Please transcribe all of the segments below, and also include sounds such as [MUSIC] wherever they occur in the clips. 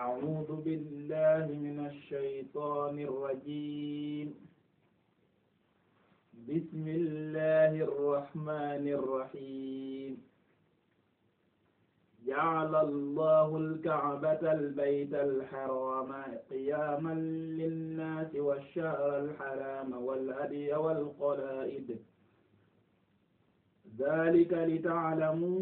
أعوذ بالله من الشيطان الرجيم بسم الله الرحمن الرحيم جعل الله الكعبة البيت الحرام قياما للناس والشهر الحرام والهدي والقلائد dalika li taalamu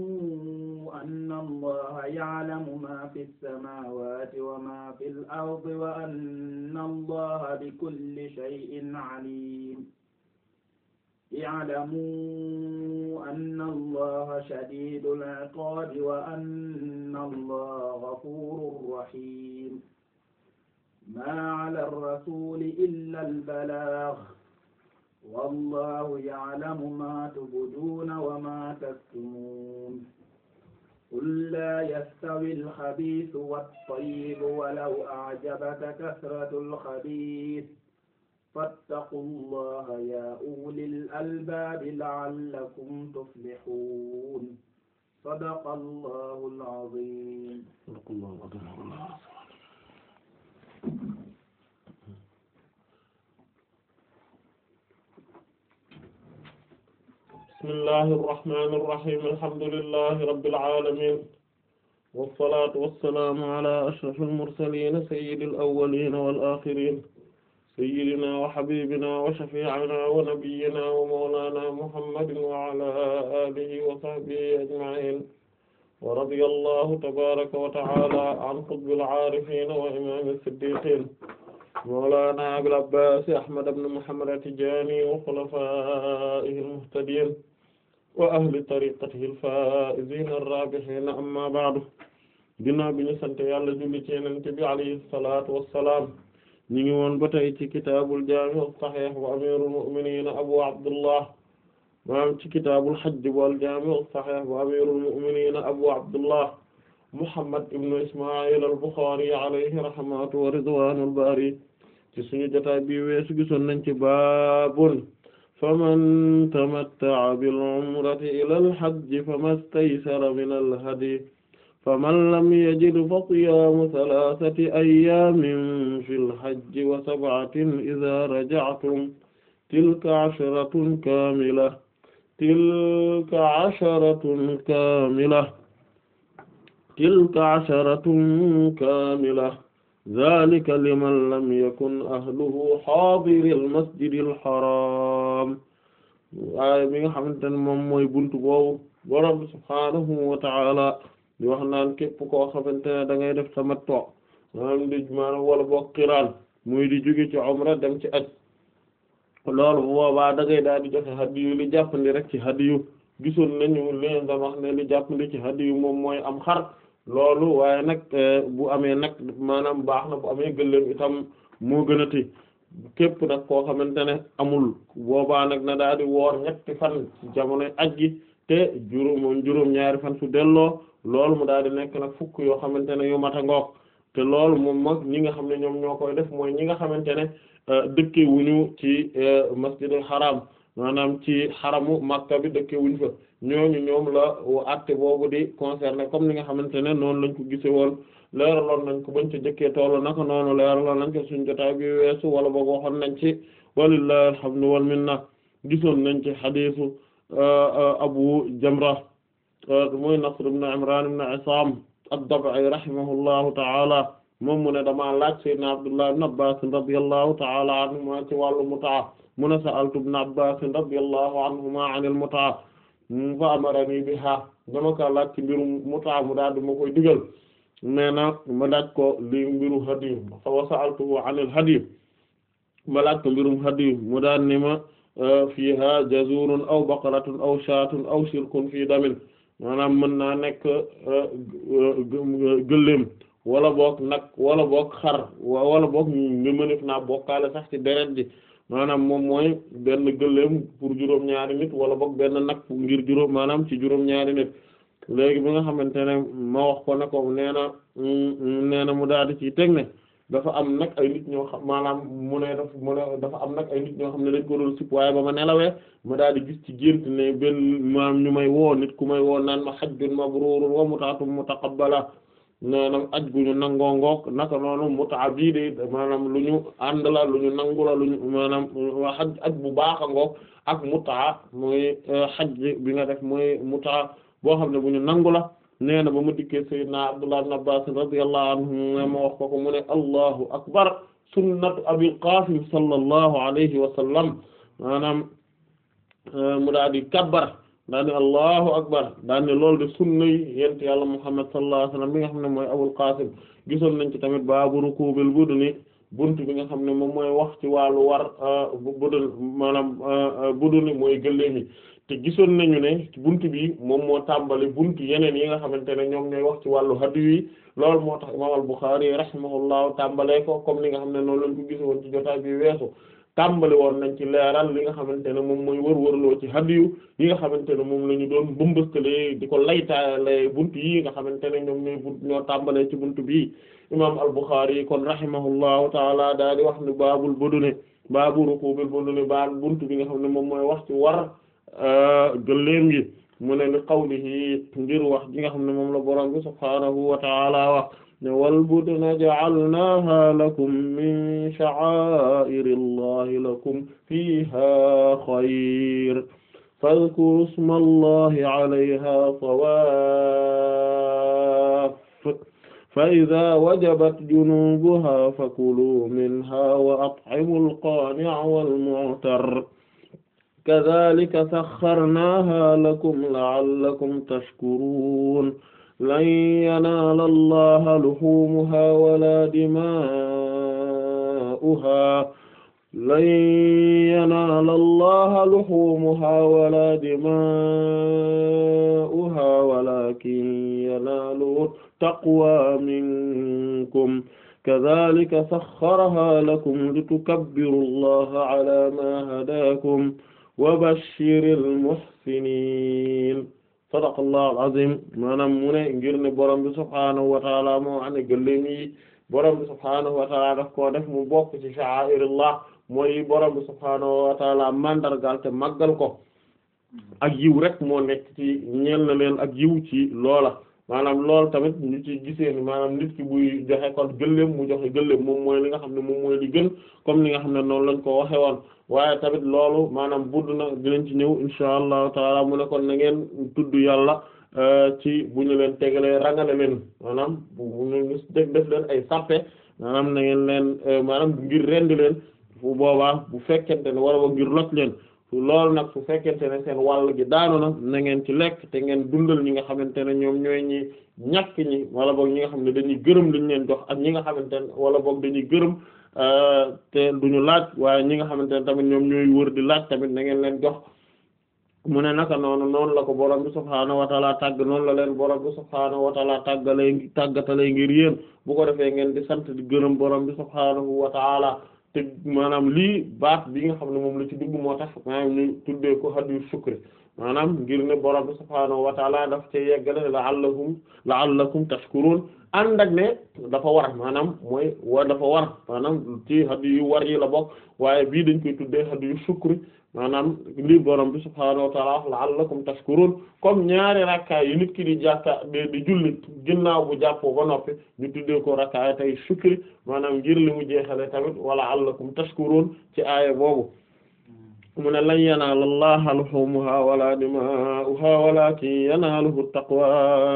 anna allaha yaalamu ma fi lsamawati wa ma fi l ardi wa anna allaha bi kulli cheyin alim yaalamu anna allaha shadidu liqaabi wa anna allaha gafurun rahim ma ala rrasuli illa albalagh والله يعلم ما تبدون وما تكتمون قل لا يستوي الخبيث والطيب ولو أعجبك كثرة الخبيث فاتقوا الله يا أولي الألباب لعلكم تفلحون صدق الله العظيم صدق الله العظيم bismillahi irrahmani irrahim alhamdulillahi rabbil alamin wassalatu wassalamu ala ashrafil mursalin sayyidil awwalin wal akhirin sayyidina wa habibina wa shafi'ina wa nabiyyina wa mawlana muhammadin wa ala alihi wa sahbihi ajma'in wa radiyallahu tabaraka wa ta'ala an qutbil arifin wa imamil siddiqin mawlana abil abbas ahmad ibn muhammad at-tijani wa khulafa'ihil muhtadin wa ahli tariqatihi al-faa'iziina ar-raabihiina amma ba'du ginnaaw bi ñu sant yàlla julli ci Yonent bi alayhi salaatu wa salaam ñu ngi woon ba tey ci kitaabul jaami' as-sahiih wa amiirul mu'miniina abu abdullah maanaam ci kitaabul hajj wal jaami' as-sahiih wa amiirul mu'miniina abu abdullah muhammad ibn isma'il al-Bukhari alayhi rahmatu wa ridwaanul baari ci suñu jotaay bi weesu gisoon nañ ci baabun faman tamatta'a bil umrati ilal hajji famastaysara minal hadyi faman lam yajid fa siyaamu salaasati ayyaamin fil hajji wa sab'atin idhaa raja'tum tilka asharatun kaamila tilka asharatun kaamila tilka asharatun kaamila zaalika liman lam yakun ahluhu haadiril masjidil haraam waaye bi nga xamante ne moom mooy buntu boobu borom subhaanahu wa ta'ala di wax naan képp koo xamante ne da ngay def tamattu maanaam di maanaam wala boog qiraan muy di jóge ci umra dem ci aj loolu bu boobaa da ngay daal di joxe hadiyu li jàppandi rek ci hadiyu gisoon nañu leen da wax ne li jàppandi ci hadiyu moom mooy am xar. loolu waaye nag eh, bu amee nag maanaam baax na bu amee gëléem itam moo gën képp nag ko xamante ne amul boobaa nag na daal di woor ñetti fan ci aj gi te juróom moom ñaari fan su delloo loolu mu daal di nekk nag fukk yoo xamante ne yu mat a ngoog te loolu moom mag ñi nga xam ne ñoom ñoo koy def mooy ñi nga xamante ne eh, dëkke wuñu ci eh, masjidul xaram maanaam ci xaramu Makka bi dëkke wuñ fa ñooñu ñoom la atte boobu di concerné comme ni nga xamante ne noonu lañ ko gise woon leeraloon nañ ko bañ ca jëkkee toolu naka noonu leeraloon nañ ko suñ jotaay bi weesu wala boog waxoon nañ ci walillahi alhamdu wal minna gisoon nañ ci xadiisu euh, euh, Abu Jamra euh, muy Nasr ibn Imran ibn Isam ad-Dab'i rahimahullahu ta'ala moom mu ne dama laaj sayyidna Abdullah ibn Abbas radiyallahu ta'ala anhuma ci wàllu mutaa mu ne sa'altu ibn Abbas radiyallahu anhuma 'anil mutaa fa amarani biha dama ko laaj ci mbirum mutaa mu daal di koy digal nee na ma laaj ko li mbiru hadiy fa ko mbirum hadiy mu daal nima ma euh, fiha jazurun aw baqaratun aw shaatun aw shirkun fii damin maanaam mën naa nekk euh, gëléem wala boog nag wala boog xar wala boog nga mënef naa bokkaale sax ci deret ji maanaam moom mooy benn gëléem pour juróom-ñaari wala boog benn nag ngir juróom maanaam ci juróom-ñaari nit léegi bi nga xamante ne ma wax ko ne ko nee na nee na mu daal di ci teg ne dafa am nag ay nit ñoo xam maanaam mu ne daf mu ne dafa am nak ay nit ñoo xam ne dañ ko doon waaye ba ma nelawee ma daal di gis ci gént ne benn maam ñu may woo nit ku may woon naan ma xaj ma hajjun mabrurun wa mut'atun mutaqabbala maanaam aj gu ñu nangoo ngoog naka noonu mutaa bii de maanaam lu ñu ànd la lu ñu nangu lu ñu maanaam xaj aj bu baax a ngoog ak mutaa mooy euh, xaj bi nga def mooy mutaa boo xam ne bu ñu nangu la nee na ba mu dikkee sayyidna Abdullah ibn Abbas radiyallahu anhu ma wax ko ko mu ne allahu akbar sunnatu Abil Qasim sallallahu alayhi wa sallam euh, mu daal di daa ne allahu akbar daa ne loolu de sunna yi yent yàlla muhammad sallallahu alayhi wasallam bi nga xam ne mooy abul qasim gisoon nañ ci tamit baabu rukubil buduni bunt bi nga xam ne moom mooy wax ci wàllu war euh, budun maanaam euh, buduni mooy gëléem yi te gisoon nañu ne bunt bi moom moo tàmbali bunt yeneen yi nga xamante ne ñoom ñooy wax ci wàllu hadiyu yi loolu moo tax imam al Bukhari rahimahullahu tàmbalee ko comme li nga xam ne noonu lañ ko gisoon ci jotaay bi weesu tàmbali woon nañ ci leeral li nga xamante ne moom mooy wër-wërloo ci hadiyu yi nga xamante ne moom la ñu doon bëmbëskale di ko laytaale buntu yi nga xamante ne ñoom ñooy buntu ñoo tàmbalee ci buntu bii imaam al-Bukhari kon rahimahullahu taala daal di wax ne baabul budune baabu rukubil budune baab buntu bi nga xam ne moom mooy wax ci war euh, gëléem gi mu ne li qawlihi ngir wax gi nga xam ne moom la borom bi subhaanahu wa wax ne walbut naj'alnaha lakum min sha'a'iri llahi lakum fiha xayr fadhkuru isma allahi alayha tawaaf fa idha wajabat junubuha fakulu minha wa at'imu al-qani'a wal-mu'tar kadhalika sakharnaha lakum la'allakum tashkurun lan yanaala allaha luhumuha wala dima'uha lan yanaala allaha luhumuha wala dima'uha walakin yanaaluhu taqwa minkum kadhalika sakhkharaha lakum litukabbiru allaha ala ma hadakum wa bashshiril muhsinin sadaqallahu al-azim maanaam mu ne ngir ne borom subhaanahu wa taala moo ane gëléem yi borom subhaanahu wa taala daf koo def mu bokk ci sha'aa'irullah mooy borom bi subhaanahu wa taala mandargal te màggal ko ak yiw rek moo nekk ci ñeel na ak yiw ci loola maanaam loolu tamit ñu ci gisee ni maanaam nit ki buy joxe kon gëléem mu joxe gëléem moom mooy li nga xam ne moom mooy li gën comme li nga xam ne noonu lañ ko waxe woon waaye tamit loolu maanaam budd na dinañ ci ñëw insha allahu taala mu ne kon na ngeen tudd yàlla euh, ci bu ñu leen tegalee rangale leen maanaam bu ñu def leen ay sàppe maanaam na ngeen leen euh, maanaam ngir rendi leen bu boobaa bu fekkente ne wala ba ngir lot leen lool nag su fekkente ne seen wàll gi daanu na na ngeen ci lekk te ngeen dundal ñi nga xamante ne ñoom ñooy ñi ñàkk ñi wala boog ñi nga xam ne dañuy gërëm luñ leen jox ak ñi nga xamante ne wala boog dañuy gërëm euh, te duñu laaj waaye ñi nga xamante ne tamit ñoom ñooy wër di laaj tamit na ngeen leen jox mu ne naka noonu noonu la ko borom bi subhaanahu wa taala tàgg noonu la leen borom bi subhaanahu wa taala tàggalee tàggatalay ngir yéen bu ko defee ngeen di sant di gërëm borom bi subhaanahu wa te maanaam lii baat bi nga xam ne moom la ci dugg moo tax maanaam ni tuddee ko hadiyu shukri maanaam ngir ne borom bi subhaanahu wa taala daf ci yeggale la'allakum la'allakum tashkurun ànd ak ne dafa war maanaam mooy wa dafa war maanaam ci hadiyu war yi la bokk waaye bii dañ koy tuddee hadiyu shukri maanaam lii borom bi subhaanahu wa ta'ala la'allakum tashkurun comme ñaari rakkaa yi nit ki di jàkka di julli bu jàppoo ba noppi ñu tuddee ko tey shukri maanaam ngir li mu jeexale tamit wa la'allakum tashkurun ci aaya boobu ne lan yanaala laa dimaa'uhaa walaakin yanaaluhu taqwa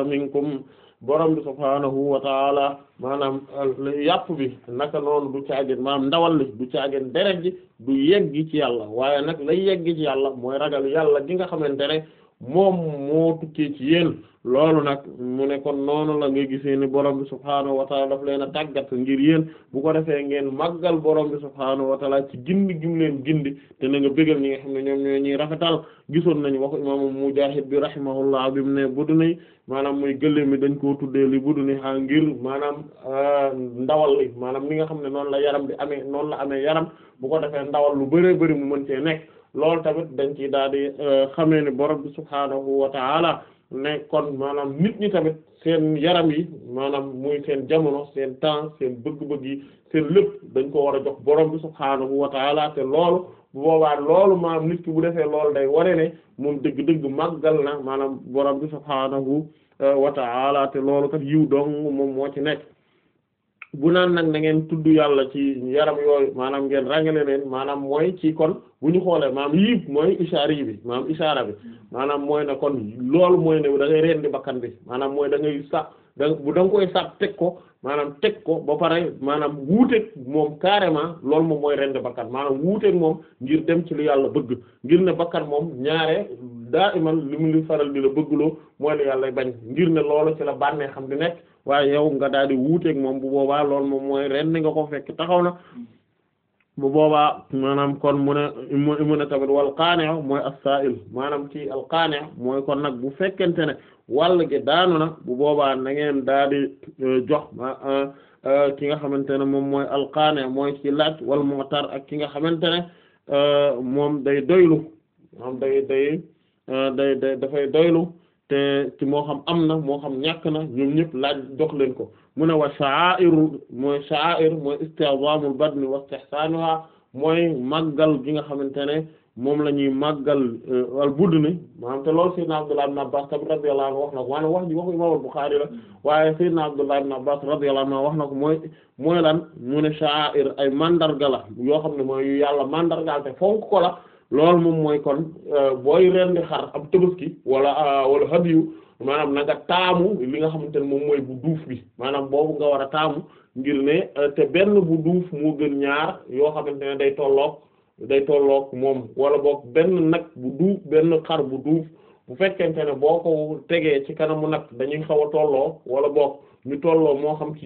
minkum borom bi subhaanahu wa taala maanaam euh, yàpp bi naka noonu du caagin maanaam ndawal li du caagin deret ji du yeggi ci yàlla waaye nag lay yeggi ci yàlla mooy ragal yàlla gi nga xamante ne moom moo tukkee ci yéen loolu nag mu ne kon noonu la nga gisee ni borom bi subhaanahu wa daf leen a tàggat ngir yéen bu ko defee ngeen màggal borom bi subhaanahu wa taala ci gindi gim leen gindi te na nga bégal nga xam ne ñoom ñuy rafetal gisoon nañu waxu imaamu mujaahid bi rahimahullah bi mu ne budunay maanaam muy gëléem mi dañ koo tuddee li budunay ha ngir maanaam ah, ndawal li maanaam li nga xam ne noonu la yaram bi amee noonu la amee yaram bu ko defee ndawal lu bëree bëri mu mën cee nekk loolu tamit dañ ciy daal di eh, xamee ni borom bi subhaanahu wa taala ne kon maanaam nit ñi tamit seen yaram yi maanaam muy seen jamono seen temps seen bëgg-bëgg yi seen lépp dañ ko war a jox borom bi subhaanahu wa taala te loolu bu boobaa loolu maanaam nit ki bu defee lool day waree ne moom dëgg-dëgg màggal na maanaam borom bi subhaanahu eh, wa taala te loolu kat yiw dong moom moo ci nekk bu naan nag na ngeen tudd yàlla ci yaram yooyu maanaam ngeen ràngale leen maanaam mooy ci kon bu ñu xoolee maanaam yii mooy isaari bi maanaam isaara bi maanaam mooy ne kon loolu mooy ne da ngay rendi bakkan bi maanaam mooy da ngay da bu da nga koy sàpp teg ko maanaam teg ko ba pare maanaam wuuteeg moom carrément loolu moom mooy rend bakkan maanaam wuuteeg moom ngir dem ci lu yàlla bëgg ngir ne bakkan moom ñaare daa iman li mu li faral di la bëggloo mooy lu yàlla bañ ngir ne loolu ci la bànnee xam di nekk waaye yow nga daal di wuuteeg moom bu boobaa loolu moom mooy rend nga ko fekk taxaw na bu boobaa maanaam kon mu ne mu ne tamit wal qaani' mooy as-saa'il maanaam ci al qaani' mooy kon nag bu fekkente ne wàll gi daanu na bu boobaa na ngeen daal di euh, jox euh, euh, ki nga xamante ne moom mooy al qaani' mooy ci laaj wal mu'tar ak ki nga xamante ne moom day doylu moom day day day dafay doylu te ci moo xam am na moo xam ñàkk na ñoom ñëpp laaj jox leen ko mu ne wa sha'iru mooy sha'ir mooy istihzamul badni wa istihsanuha mooy màggal gi nga xamante ne moom la ñuy màggal euh, al budni maanaam te loolu sayyidna Abdullah ibn Abbas tamit radiyallahu anhu wax na ko maanaam wax ji waxu imam al-Bukhari la mm-hmm. waaye sayyidna Abdullah ibn Abbas radiyallahu wax na ko mooy mooy lan mu ne sha'ir ay mandarga la yoo xam ne mooy yàlla mandargal te fonk ko la loolu moom mooy kon euh, booy rendi xar ab tabaski wala euh, wala hadiyu maanaam nag nga taamu li nga xamante ne moom mooy bu duuf bi maanaam boobu nga war a taamu ngir ne euh, te benn bu duuf moo gën ñaar yoo xamante ne day tolloog day tolloog moom wala book benn nag bu duuf benn xar bu duuf bu fekkente ne boo ko tegee ci kanamu nag dañuy xaw a tolloo wala book ñu tolloo moo xam ci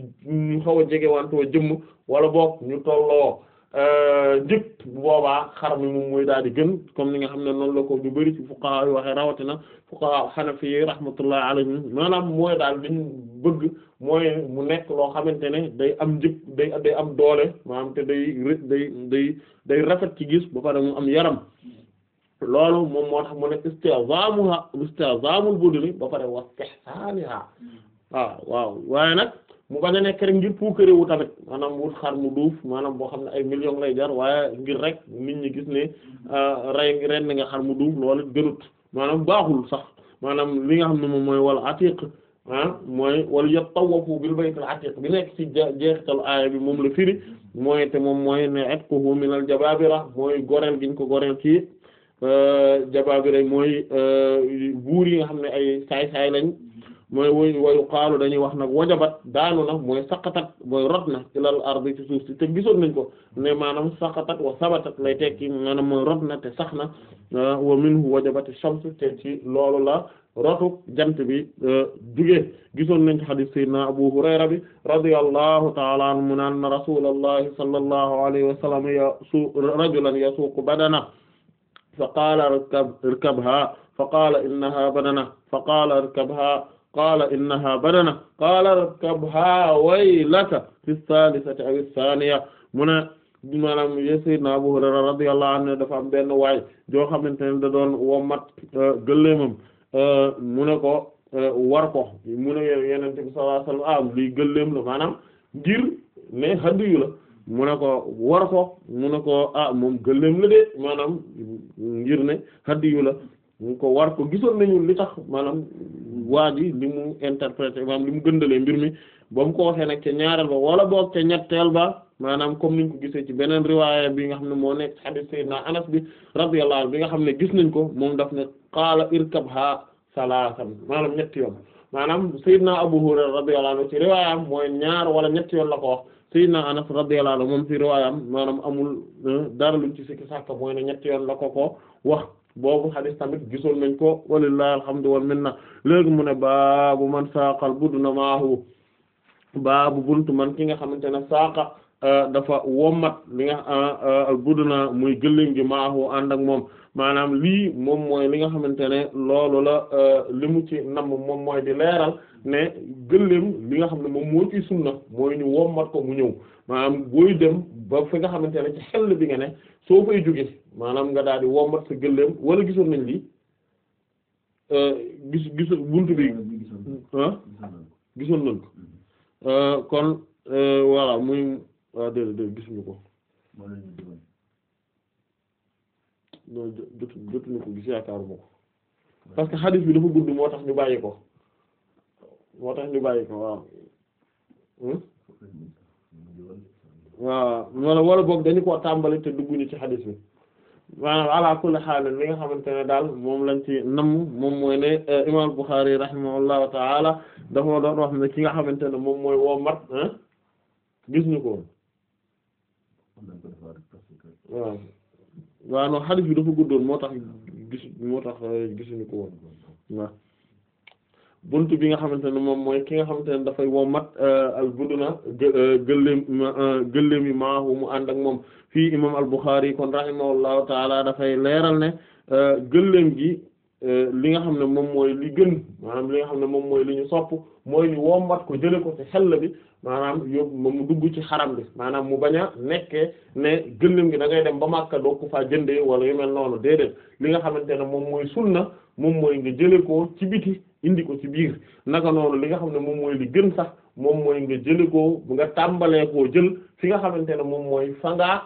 ñu xaw a jegewantoo jëmm wala book ñu tolloo njëkk euh, bu boobaa xar mi moom mooy daal di gën comme ni nga xam ne noonu la ko ñu bari ci fuqaha yi waxee rawatina fuqaha hanafi yi rahmatullahi alayhim maanaam mooy daal dañ bëgg mooy mu nekk loo xamante ne day am njëkk day day am doole maanaam te day day day day rafet ci gis ba pare mu am yaram loolu moom moo tax mu ne istizaamuha istizamul budri ba pare wa istihsaaniha waaw hmm. ah, waaw waaye nag mu bañ a nekk rek ngir puukare wu tamit maanaam wut xar mu duuf maanaam boo xam ne ay million lay jar waaye ngir rek mi ñi gis ne euh, rey ren nga xar mu duuf loolu gënut maanaam baaxul sax maanaam li nga xam ne moom mooy wala atiq ah mooy wala yatawafu bil baytil atiq bi nekk ci jeexital aaya bi moom la firi mooy te moom mooy ne atquhu minal jabaabira mooy goreel giñ ko goreel ci euh, jabaabira mooy euh, buur yi nga xam ne ay saay-saay lañ mooy woy wayu xaalu dañuy wax nag wajabat daanu na mooy saqatat mooy rot na ilal ardi ci suuf si te gisoon nañ ko ne maanaam saqatat wa sabatat lay tekki maanaam mooy rot na te sax na ah, wa minhu wajabati shams te ci loolu la rotu jant bi ah, jugee gisoon nañ ko hadith sayyidina Abu Hurayra bi radiyallahu ta'ala anhu mu naan na rasulullahi sallallahu alayhi wa sallam yasu rajulan yasuuqu badana fa qaala irkabha fa qaala innaha badana fa qaala irkabha qaala innaha badana qaala irkabha waylaka fi salisati aw thaniya mu ne maanaam ye sayyidna Abu Hurayra radiyallahu anhu dafa am benn waay joo xamante ne da doon wommat euh, gëlleemam euh, mu ne ko euh, war ko mu ne yenente bi sallallahu alayhi wasallam ah, lii gëlleem la maanaam ngir ne hadiyu la mu ne ko war ko mu ne ko ah moom gëléem la de maanaam ngir ne hadiyu la ñu ko war ko gisoon nañu li tax maanaam waa ji li mu interprété maanaam li mu gëndalee mbir mi ba mu ko waxee nag ca ñaareel ba wala boog ca ñetteel ba maanaam comme niñ ko gisee ci beneen riwaaya bi nga xam ne moo nekk hadith Sayyidina Anas bi radiyallahu bi nga xam ne gis nañ ko moom daf ne qaala irkabha salaasan maanaam ñetti yoon maanaam naa Abu Hurayra radiyallahu anhu ci riwaayam mooy ñaar wala ñetti yoon la ko wax Sayyidina Anas radiyallahu anhu moom ci riwaayam maanaam amul euh, dara luñ ci sikki sàkk mooy ne ñetti la ko ko wax boobu xalis tamit gisoon nañ ko walillahi alhamdu wal minna léegi mu ne baabu man saaqal budna maahu baabu buntu man ki nga xamante ne saaqa euh, dafa wommat li nga euh, euh, budna muy gëllin gi maahu ànd ak moom maanaam lii moom mooy li nga xamante ne loolu la li mu ci namm moom mooy di leeral ne gëléem li nga xam ne moom moo ci sunna mooy ñu wommat ko mu ñëw maanaam booy dem ba fi nga xamante ne ci xel bi nga ne soo fay jóge maanaam nga daal di wommat sa gëléem wala gisoon nañ lii euh, gis gisoon buntu bi nañ ko mm-hmm. euh, kon euh, voilà muy waaw déedéet gisuñu ko non jotu jotuñu ko gis yaakaaruma ko parce que hadith bi dafa gudd moo tax ñu bàyyi ko moo tax ñu bàyyi ko waaw hmm? waaw wala wala boog dañu koo tàmbali te dugguñu ci xadis bi maanaam ala kulli xaal li nga xamante ne daal moom lañ ci namm moom mooy ne euh, imam Bukhari rahimahullahu taala dafa doon wax ne ki nga xamante ne moom mooy woo mat gis ñu ko woon waaw waaw non bi dafa guddoon moo tax gis moo tax euh, gisuñu ko woon waaw bunt bi nga xamante ne moom mooy ki nga xamante ne dafay womat euh, al buduna gëléem euh, gëléem euh, yi maahu mu ànd ak moom fii imam al Bukhari kon rahimahullahu taala dafay leeral ne gëléem gi li nga xam ne moom mooy li gën maanaam li nga xam ne moom mooy li ñu sopp mooy ñu womat ko jële ko ci xel maanaam yóbbu ma mu dugg ci xaram bi maanaam mu bañ a nekkee ne gëléem gi da ngay dem ba Makka ko faa jëndee wala yu mel li nga xamante ne moom mooy sunna moom mooy nga jële ko ci biti indi ko ci biir naka noonu li nga xam ne moom mooy li gën sax moom mooy nga jëli ko nga tàmbalee ko jël fi nga xamante ne moom mooy fa ngaa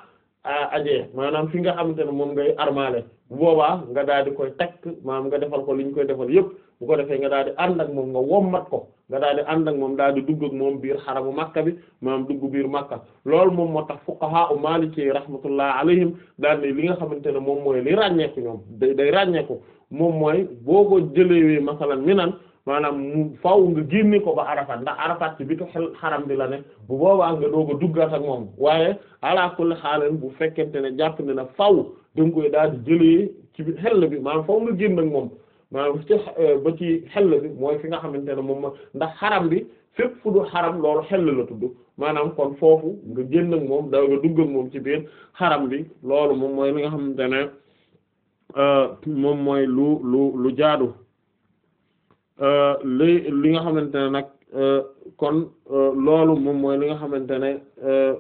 ajee maanaam fi nga xamante ne moom ngay armaale boobaa nga daal di koy takk maanaam nga defal ko li ñu koy defal yépp bu ko defee nga daal di ànd ak moom nga wommat ko nga daal di ànd ak moom daal di dugg ak moom biir xaramu makka bi maanaam dugg biir makka loolu moom moo tax fuqaha u maliki rahmatullah alayhim daal di li nga xamante ne moom mooy li ràññeeku ñoom day day ràññeeku moom mooy boo ko jëlewee mi minan maanaam mu faaw nga génne ko ba arafat ndax arafat ci bitu xaram bi la ne bu boobaa nga doo ko duggaat ak moom waaye ala kulli xaaral bu fekkente ne jàpp ne na faaw da nga koy daal di jëlee ci biir xel bi maanaam faaw nga génn moom maanaam ci euh, ba ci xel bi mooy fi nga xamante ne moom ndax xaram bi fépp fu du xaram loolu xel la tudd maanaam kon foofu nga génn moom da nga dugg moom ci biir xaram bi loolu moom li nga xamante ne. Euh, moom mooy lu lu lu jaadu euh, li li nga xamante ne nag euh, kon loolu moom mooy li nga xamante ne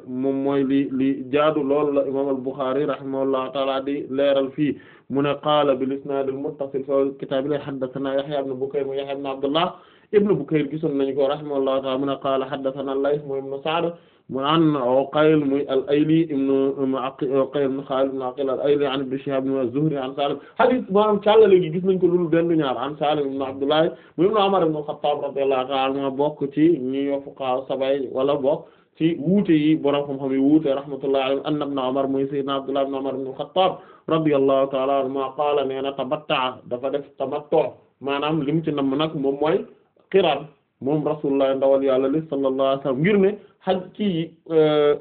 moom mooy li li jaadu loolu la imam al-Bukhari rahimahullahu taala di leeral fii mu ne qaala bil isnaad al muttasil fi kitaab la haddathana Yahya ibn Bukayr mu Yahya ibn Abdullah ibn Bukayr gisoon nañu ko rahimahullahu taala mu ne qaala haddathana Layth mu ibn Sa'd mu an Uqayl muy al-Ayli ibn Uqayl ibn Khalid ibn Aqil al-Ayli an Ibn Shihab ibn az-Zuhri an Salim hadith maanaam càllale gi gis nañ ko loolu benn ñaar an Salim ibn Abdullah muy ibn Umar ibn Khattab radiyallahu ta'ala anhu bokk ci ñi fuqaha sabay wala bokk ci wuute yi borom xam-xam yi wuute rahmatullahi alayhi anna ibn Umar muy sayyidina Abdullah ibn Umar ibn Khattab radiyallahu ta'ala anhuma qaala nee na tamatta'a dafa def tamattu maanaam lim ci nam nag moom mooy qiran moom rasulullah ndawal yàlla li sallallahu alayhi wasallam ngir ne xaj ci euh,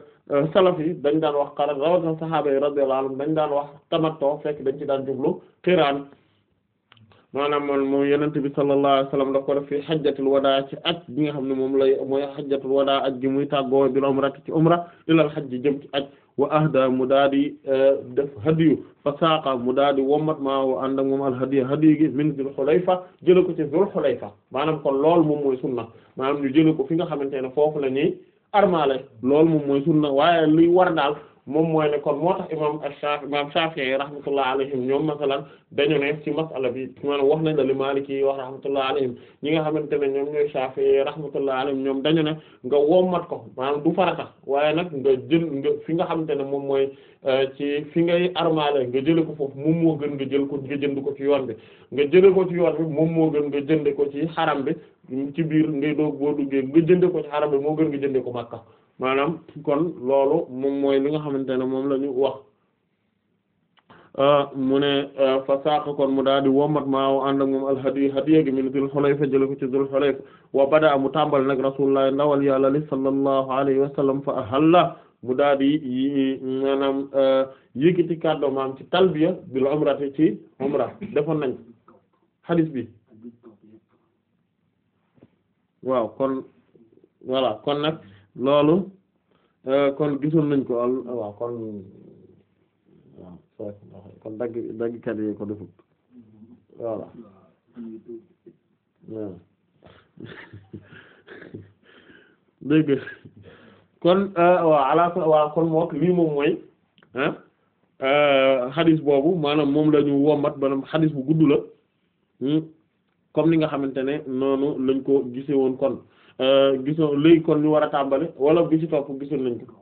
salaf yi dañ daan wax xaran rawatina sahaaba yi radiyallahu anhum dañ daan wax tamatto fekk dañ ci daan jublu xiraan maanaam man moom yenent bi sallallahu alayhi wasallam daf ko def fi xajjatul wadaa ci aj bi nga xam ne moom lay mooy xajjatul wadaa aj gi muy tàggoo bi umra ci umra ilal xaj ji jëm ci aj wa ahda mu daal di eh, def hadiyu fa saaqa mu daal di wommat maa wo ànd ak moom al hadiya hadiyu gi min Zul Xulayfa jële ko ci Zul Xulayfa maanaam ko lool moom mooy sunna maanaam ñu jële ko fi nga xamante ne foofu la ñuy armale loolu moom mooy sunna waaye li war daal moom mooy ne kon moo tax imam Shaafi imam Shaafi'i rahmatullah alayhim ñoom masalan dañu ne ci masala bi maanaam wax nañ la li Maliki yi wax rahmatullah alayhim ñi nga xamante ne ñoom ñooy Shaafi'i rahmatullah alayhim ñoom dañu ne nga wommat ko maanaam du farata waaye nag nga jël nga fi nga xamante ne moom mooy euh, ci fi ngay armale nga jële ko foofu moom moo gën nga jël ko nga jënd ko ci yoon bi nga jële ko ci yoon bi moom moo gën nga jënde ko ci xaram bi ci biir ngay doog boo duggee nga jënde ko ci xaram bi moo gën nga jënde ko Makka maanaam kon loolu moom mooy li nga xamante ne moom la ñu wax ah, mu ne ah, fa saq kon mu daal di womat maa o ànd ak moom alhadiy hadiya gi min Zul Hulayfa jële ko ci Zul Hulayfa wa bada mu tàmbal nag rasulullah ndawal yàlla li sallallahu alayhi wa sallam fa mu daal di maanaam ah, yëkkati kàddu maam ci talbiya bil umrati ci umra defoon nañ hadis bi waaw kon voilà kon nag loolu euh, kon gisoon nañ ko ah, waaw kon waaw kon dagg daggkat yi ko defut voilà waaw [LAUGHS] dégg kon euh, waaw ala waaw kon mook lii moom mooy ah xadis boobu maanaam moom la ñu ba maanaam xadis bu gudd la hmm, comme ni nga xamante ne noonu lañ ko gise woon kon Euh, gisoo léegi kon ñu war a tàmbale wala bi ci topp gisul nañ ko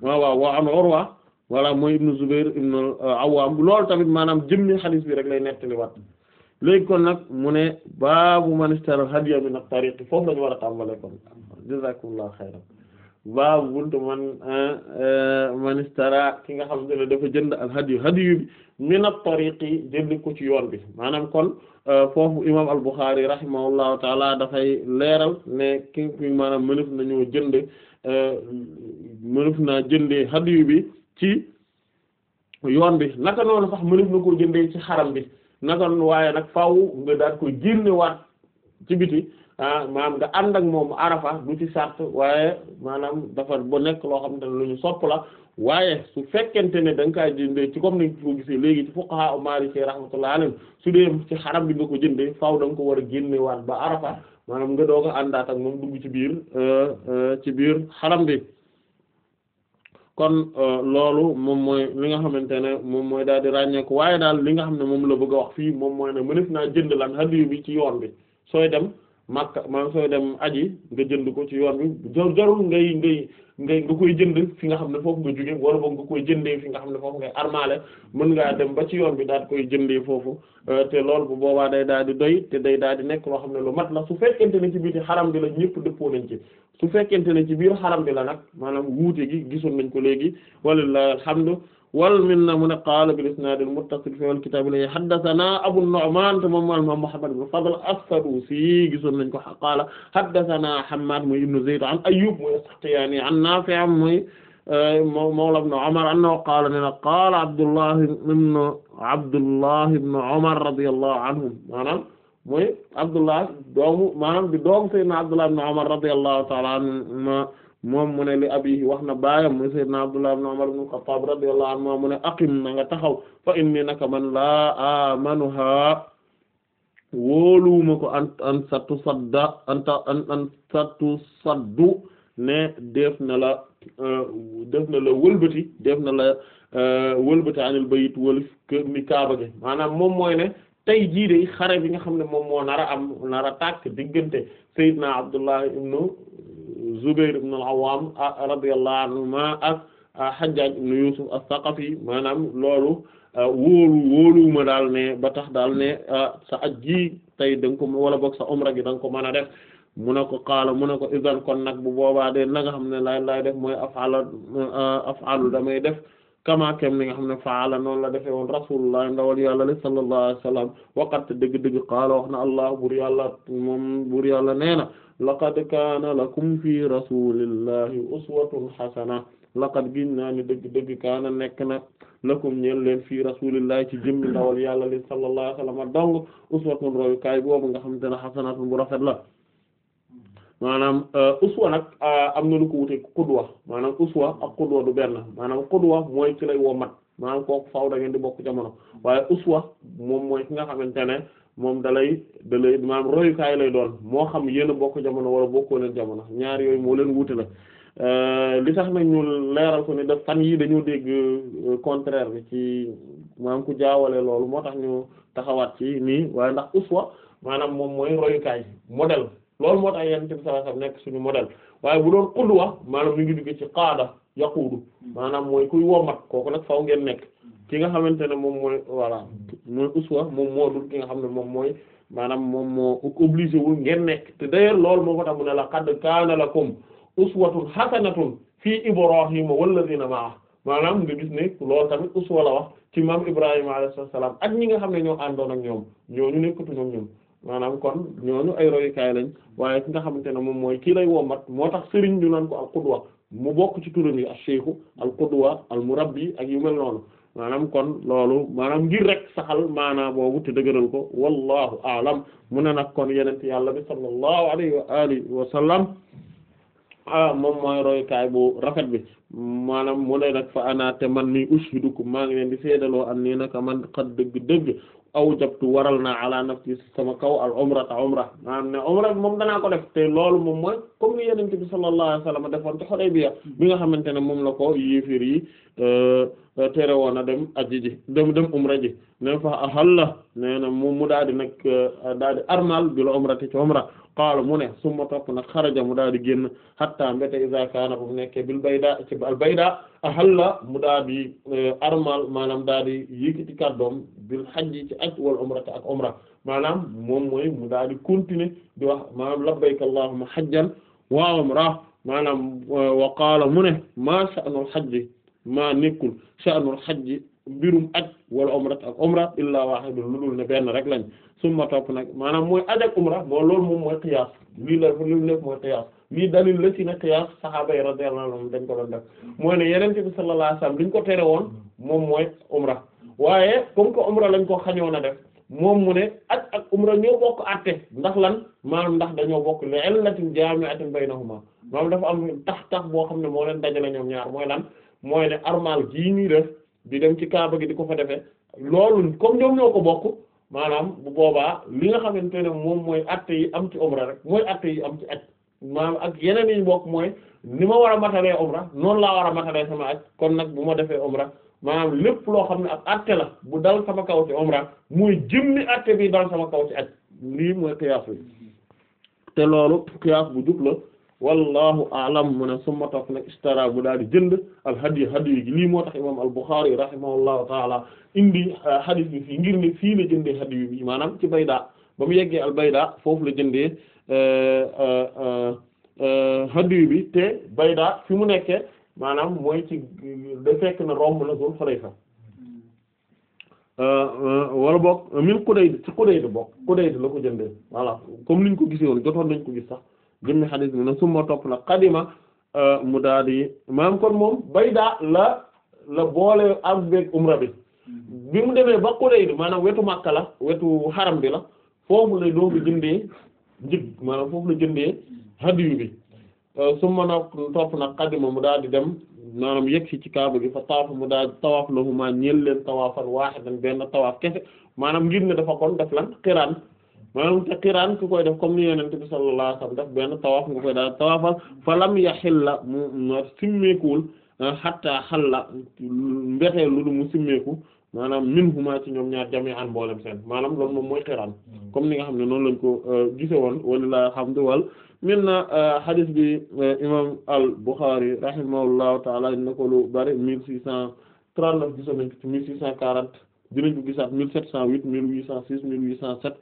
waaw waaw waaw am wa voilà mooy ibnu Zubair ibnu euh, Awwam loolu tamit maanaam jëmmi xadiis bi rek lay nettali wat léegi kon nag mu ne baabu man ishtara hadiya min at-tariq foofu la ñu war a tàmbale kon jazakumullahu xayran baabu buntu man euh, man ishtara ki nga xamante ne dafa jënd al hadiyu hadiyu bi min at-tariq jënd ko ci yoon bi maanaam kon Euh, foofu imam al-Bukhari rahimahullahu taala dafay leeral ne ki maanaam mënef nañoo jënde euh, mënef naa jënde hadiyu bi ci yoon bi naka noonu sax mënef na koo jëndee ci xaram bi naka waaye nag faaw nga daal koy génnewaat ci biti ah, maanaam nga ànd ak moom arafa du ci sart waaye maanaam dafa ba nekk loo xamante ne lu ñu sopp la waaye su fekkente ne da nga kaa jëndee ci comme ni ko gisee léegi ci fuqaha Maliki rahmatullah alayhi su dee ci xaram bi nga ko jëndee faaw da ko war a génnewaat ba arafa maanaam nga doog a àndaat ak moom dugg ci biir euh, euh, ci biir xaram bi kon euh, loolu moom mooy li nga xamante ne moom mooy daal di ràññeeku waaye daal li nga xam ne moom la bëgg a wax fii moom mooy ne mënees naa jënd lan hadiyu bi ci yoon bi. sooy dem Makka maanaam sooy dem aji nga jënd ko ci yoon bi jarul ngay ngay ngay nga koy jënd fi nga xam ne foofu nga jóge wala boog nga koy jëndee fi nga xam ne foofu ngay armaale mën ngaa dem ba ci yoon bi daal koy jëndee foofu euh, te lool bu boobaa day daal di doy te day daal di nekk loo xam ne lu mat la su fekkente ne ci biir xaram bi la ñëpp dëppoo nañ ci su fekkente ne ci biir xaram bi la nag maanaam wuute gi gisoon nañ ko léegi xam alhamdu wal minna mu ne qaala bil isnaad al muttasil fi al kitaab li haddasanaa Abu Nu'maan te moom mooy moom Muhammad ibn Fadl as-Sadusi gisoon nañ ko qaala haddasanaa Hammaad muy ibn Zayd an Ayyuub muy as-Saxtiyaani an Naafi' muy euh, mawlaa ibn Umar annahu qaala lana qaala Abdullah ibn Abdullah ibn Umar radiyallahu anhum maanaam muy Abdullah doomu maanaam di doomu Sayyidina Abdullah ibn Umar radiyallahu ta'ala anhuma moom mu ne li abihi wax na baayam mu sayyidna Abdullah ibn Umar ibn al-Khattab radiyallahu anhu mu ne aqim na nga taxaw fa inni man laa amanuha ko an an sattu sadda anta an saddu ne def na la euh, def na la wëlbati def na la euh, wëlbati anil bayit wëlif kër mi kaaba gi maanaam moom mooy ne tey jii de xare bi nga xam ne moom moo nar a am nar a tàkk diggante Seydina Abdullah ibnu Zubayr ibn al-Awwam radiyallahu anhuma ak Hajjaj ibn Yusuf as-Saqafi maanaam loolu wóolu wóoluwuma daal ne ba tax daal ne sa aj ji tey da nga ko wala boog sa umra gi da nga ko mën a def mu ne ko xaala mu ne ko idan kon nag bu boobaa de la nga xam ne laay laay def mooy afala afalu damay def kama kem nga xam ne faala noonu la defee woon rasulullah ndawal yàlla li sallallahu alayhi wasallam waqat dëgg-dëgg xaala wax na allah bur yàlla moom bur yàlla nee na laqad kaana lakum fi rasulillahi uswatun hasana laqad giñ naa ni dëgg dëgg kaana nekk na lakum ñeel leen fii rasulillahi ci jëmmi ndawal yàlla li sallallahu alayhi wa sallam dong uswatun royukaay boobu nga xamante ne hasanatun bu rafet la maanaam uh, uswa nag uh, am na lu ko wute qudwa maanaam uswa ak qudwa du benn maanaam qudwa mooy ci lay woo mat maanaam kooku faaw ngeen di bokk jamono waaye uswa moom mooy ki nga xamante ne moom dalay dalay maanaam royukaay lay doon moo xam yéen a bokk jamono wala bokkoo leen jamono ñaar yooyu moo leen wuute la euh, li tax nag ñu leeral ko ne daf fan yi dañoo dégg euh, contraire bi ci maanaam ku jaawale loolu moo tax ñu taxawaat ci nii waaye ndax uswa maanaam moom mooy royukaay modèle loolu moo tax yonent bi sallallahu nekk suñu model waaye bu doon wax maanaam mi ngi dugg ci qaada yaquudu maanaam mooy kuy womat kooku nag faaw ngeen nekk ki nga xamante ne moom mooy voilà mooy uswa moom moo ki nga xam ne moom mooy maanaam moom moo obligé wul ngeen nekk te d'ailleurs loolu moo ko tax mu ne laqad kaana lakum uswatun hasanatun fii ibrahima walladina ma'ah maanaam nga gis ne loolu tamit uswa la wax ci maam ibrahima alayhi salaam ak ñi nga xam ne ñoom àndoon ak ñoom ñooñu nekkatu ñoom ñoom maanaam kon ñooñu ay kaay lañ waaye ki nga xamante ne moom mooy kii lay wommat moo tax sëriñ ñu naan ko al qudwa mu bokk ci turam yi al sheikhu al qudwa al murabbi ak yu mel noonu maanaam kon loolu maanaam ngir rek saxal maanaa boo te dëgëral ko wallahu aalam mu ne nag kon yenent yàlla bi sallallahu alayhi wa alihi wa sallam moom mooy roykaay bu rafet bi maanaam mu ne nag fa anaate man mi ushidukum maa ngi leen di seedaloo an nii naka man xat dëgg-dëgg awjabtu waral naa ala nafsi sama kaw al umrata umra maanaam ne umra moom danaa ko def te loolu moom mooy comme ni yonent bi sallallahu alayhi wasallam defoon ci Hudaybiya bi nga xamante ne moom la ko yéefir yi euh, tere woon a dem aji ji dem dem umra ji ne fa ahalla nee na mu mu daal di nag euh, daal di armal bi la umrati ci umra qaala mu ne summa topp nag xaraja mu daal di génn hatta mbéte iza kaana bu nekkee bil bayda ci al bayda ahalla mu daal di eh, armal maanaam daal di yëkkati kàddoom bil hajji ci aj wal umrata ak umra maanaam moom mooy mu daal di continuer di wax maanaam labbayka allahumma hajjan wa umra maanaam eh, wa qaala mu ne maa sha'nul hajji maa nekkul sha'nul hajji mbirum aj wala umra ak umra illaa waahidun lu dul ne benn rek lañ summa topp nag maanaam mooy aj ak umra boo loolu moom mooy qiyaas lii la li mu nekk mooy qiyaas lii dalil la ci yi radiyallahu anhum dañ ko doon def mooy ne yonent bi sallallahu alayhi wasallam ko tere woon moom mooy umra waaye comme que umra lañ ko xañoon a def moom mu ne aj ak umra ñoo bokk àtte ndax lan maanaam ndax dañoo bokk li illatin jaami'atin baynahuma maanaam dafa am tax tax boo xam ne moo leen dajale ñoom ñaar mooy lan mooy ne armal gii ñuy def di dem ci kaaba gi di ko fa defee loolu comme ñoom ñoo ko bokk maanaam bu boobaa li nga xamante ne moom mooy atte yi am ci umra rek mooy atte yi am ci aj maanaam ak yeneen yi bokk mooy ni ma war a matalee umra noonu laa war a matalee sama aj kon nag bu ma defee umra maanaam lépp loo xam ne ak atte la bu dal sama kaw ci umra muy jëmmi atte bi dal sama kaw ci aj lii mooy qiyaas bi te loolu qiyaas bu jub la wallahu a'lam mu ne summa topp nag istara bu daal di jënd al hadiy hadiy gi lii moo tax imam al Bukhari rahimahullahu taala indi euh, hadith bi fii ngir ne fii la jëndee hadiy bi maanaam ci bayda ba mu yeggee al bayda foofu la jëndee euh, euh, hadiy bi te bayda fi mu nekkee maanaam mooy ci da na romb na Zul Xulayfa wala boog min Qudayd ci Qudayd bokk Qudayd la ko jëndee voilà comme niñ ko gisee woon jotoon nañ ko gis sax génn xadis bi na summa topp na kadima euh, mu daal di maanaam kon moom bayda la la boole ak beeg umra bi mm-hmm. mu demee ba Qurayd maanaam wetu Makka la wetu xaram bi la foofu la dooga jëndee njëg maanaam foofu la jëndee hadiyu bi euh, summa na topp na qadima mu daal di dem maanaam yegg ci kaabu gi fa tawaafa mu daal tawaaf la huma ñeel leen tawaafan waahidan benn tawaaf kese maanaam ngir ne dafa kon def lan xiraan maanaam te xiraan ki koy def comme ni yonent bi sallallahu alayhi wasallam def benn tawaaf nga koy daal tawaafal fa lam yaxilla mu ma simmeekuwul xatta euh, xalla mbexee lu mu simmeeku maanaam min huma ci ñoom ñaar jami'an mboolem seen maanaam loolu moom mooy xiraan hmm. comme ni nga xam ne noonu lañ ko euh, gise woon walilahi alhamdu wal min na euh, hadith bi imam al Bukhari rahimahullahu taala na ko lu bari mille six cent trente-neuf gisoon nañ ko ci six cent quarante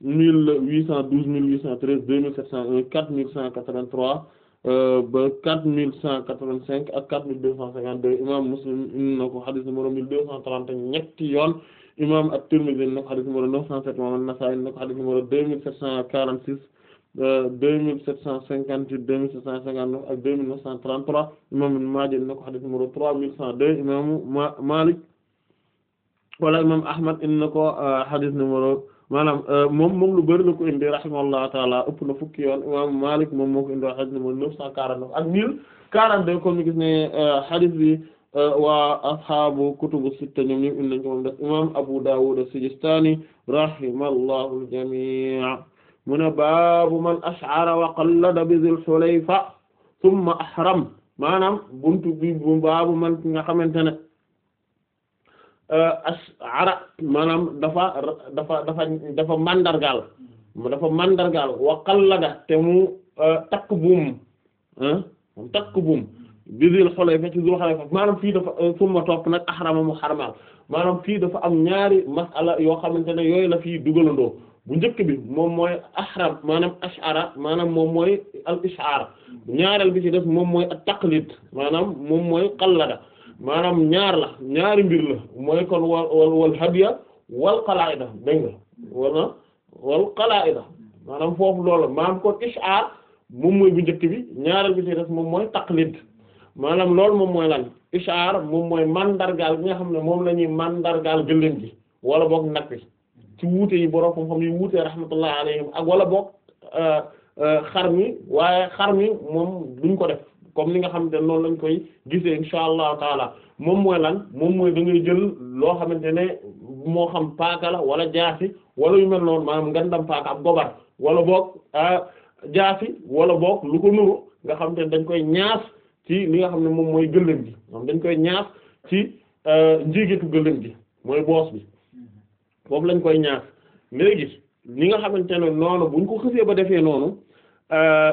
mille huit cent douze mille huit cent treize deux mille sept cent un quatre mille cent quatre-vingt-trois euh, quatre mille cent quatre-vingt-cinq quatre mille deux cent cinquante-deux imam Muslim in na ko hadith mille deux cent trente ñetti yoon imam At-Tirmidhi in na ko hadith numéro neuf cent sept imam An-Nasa'i in na ko hadith numéro deux mille sept cent quarante-six euh, deux mille sept cent cinquante-huit deux mille sept cent cinquante-neuf ak deux mille neuf in na ko hadith numéro maanaam euh, moom moom lu bari la ko indi rahimahullahu taala ëpp na fukki yoon imam Malik moom moo ko indi xadis numéro neuf cent quarante-neuf ak mille quarante-deux comme ni gis ne xadis euh, bi euh, waa ashaabu kutubu sitta ñoom ñoom indi nañ ko moom des imam Abu Dawud as-Sijistani rahimahullahu al-jami' mu ne baabu man ash'ara wa qallada bi Dhil Hulayfa thumma ahram maanaam buntu bi baabu man ki nga xamante ne Euh, as ara maanaam dafa dafa dafa hmm. dafa dafa mandargaal wa qallada te mu euh, takk buum mu takk buum hmm. bi dil xulayfa ci dul xulayfa maanaam fii dafa euh, summa topp nag axrama mu xarmaal maanaam fii dafa am ñaari masala yoo xamante ne yooyu la fii dugalandoo bu njëkk bi moom mooy ahram maanaam ashara maanaam moom mooy al ishaar hmm. ñaareel bi ci def moom mooy at taqlid manam moom mooy qallada maanaam ñaar la ñaari mbir la mooy kon wal wal wal hadiya wal qalaida dégg nga wala wal qalaida maanaam foofu lool maanaam kon ishaar moom mooy bu njëkk bi ñaareel bi ci def moom mooy taqlid maanaam lool moom mooy lan ishaar moom mooy mandargaal bi nga xam ne moom la ñuy mandargaal gi wala boog nag ci wuute yi borom xam-xam yi wuute rahmatullah alayhim ak wala boog euh, euh, xar mi waaye xar mi moom duñ ko def comme ni nga xam ne noonu lañ koy gisee insha allahu taala moom mooy lan moom mooy da ngay jël loo xamante ne moo xam paaka la wala jaasi wala yu mel noonu maam ngandam paaka ab gobar wala boog ah, jaasi wala boog lu ko nuru nga xamante ne dañ koy ñaas ci li nga xam ne moom mooy gëllëm gi moom dañ koy ñaas ci ah, njiigitu gëllëm gi mooy boos bi foofu lañ koy ñaas léegi li nga xamante ne noonu ko xësee ba defee noonu ah,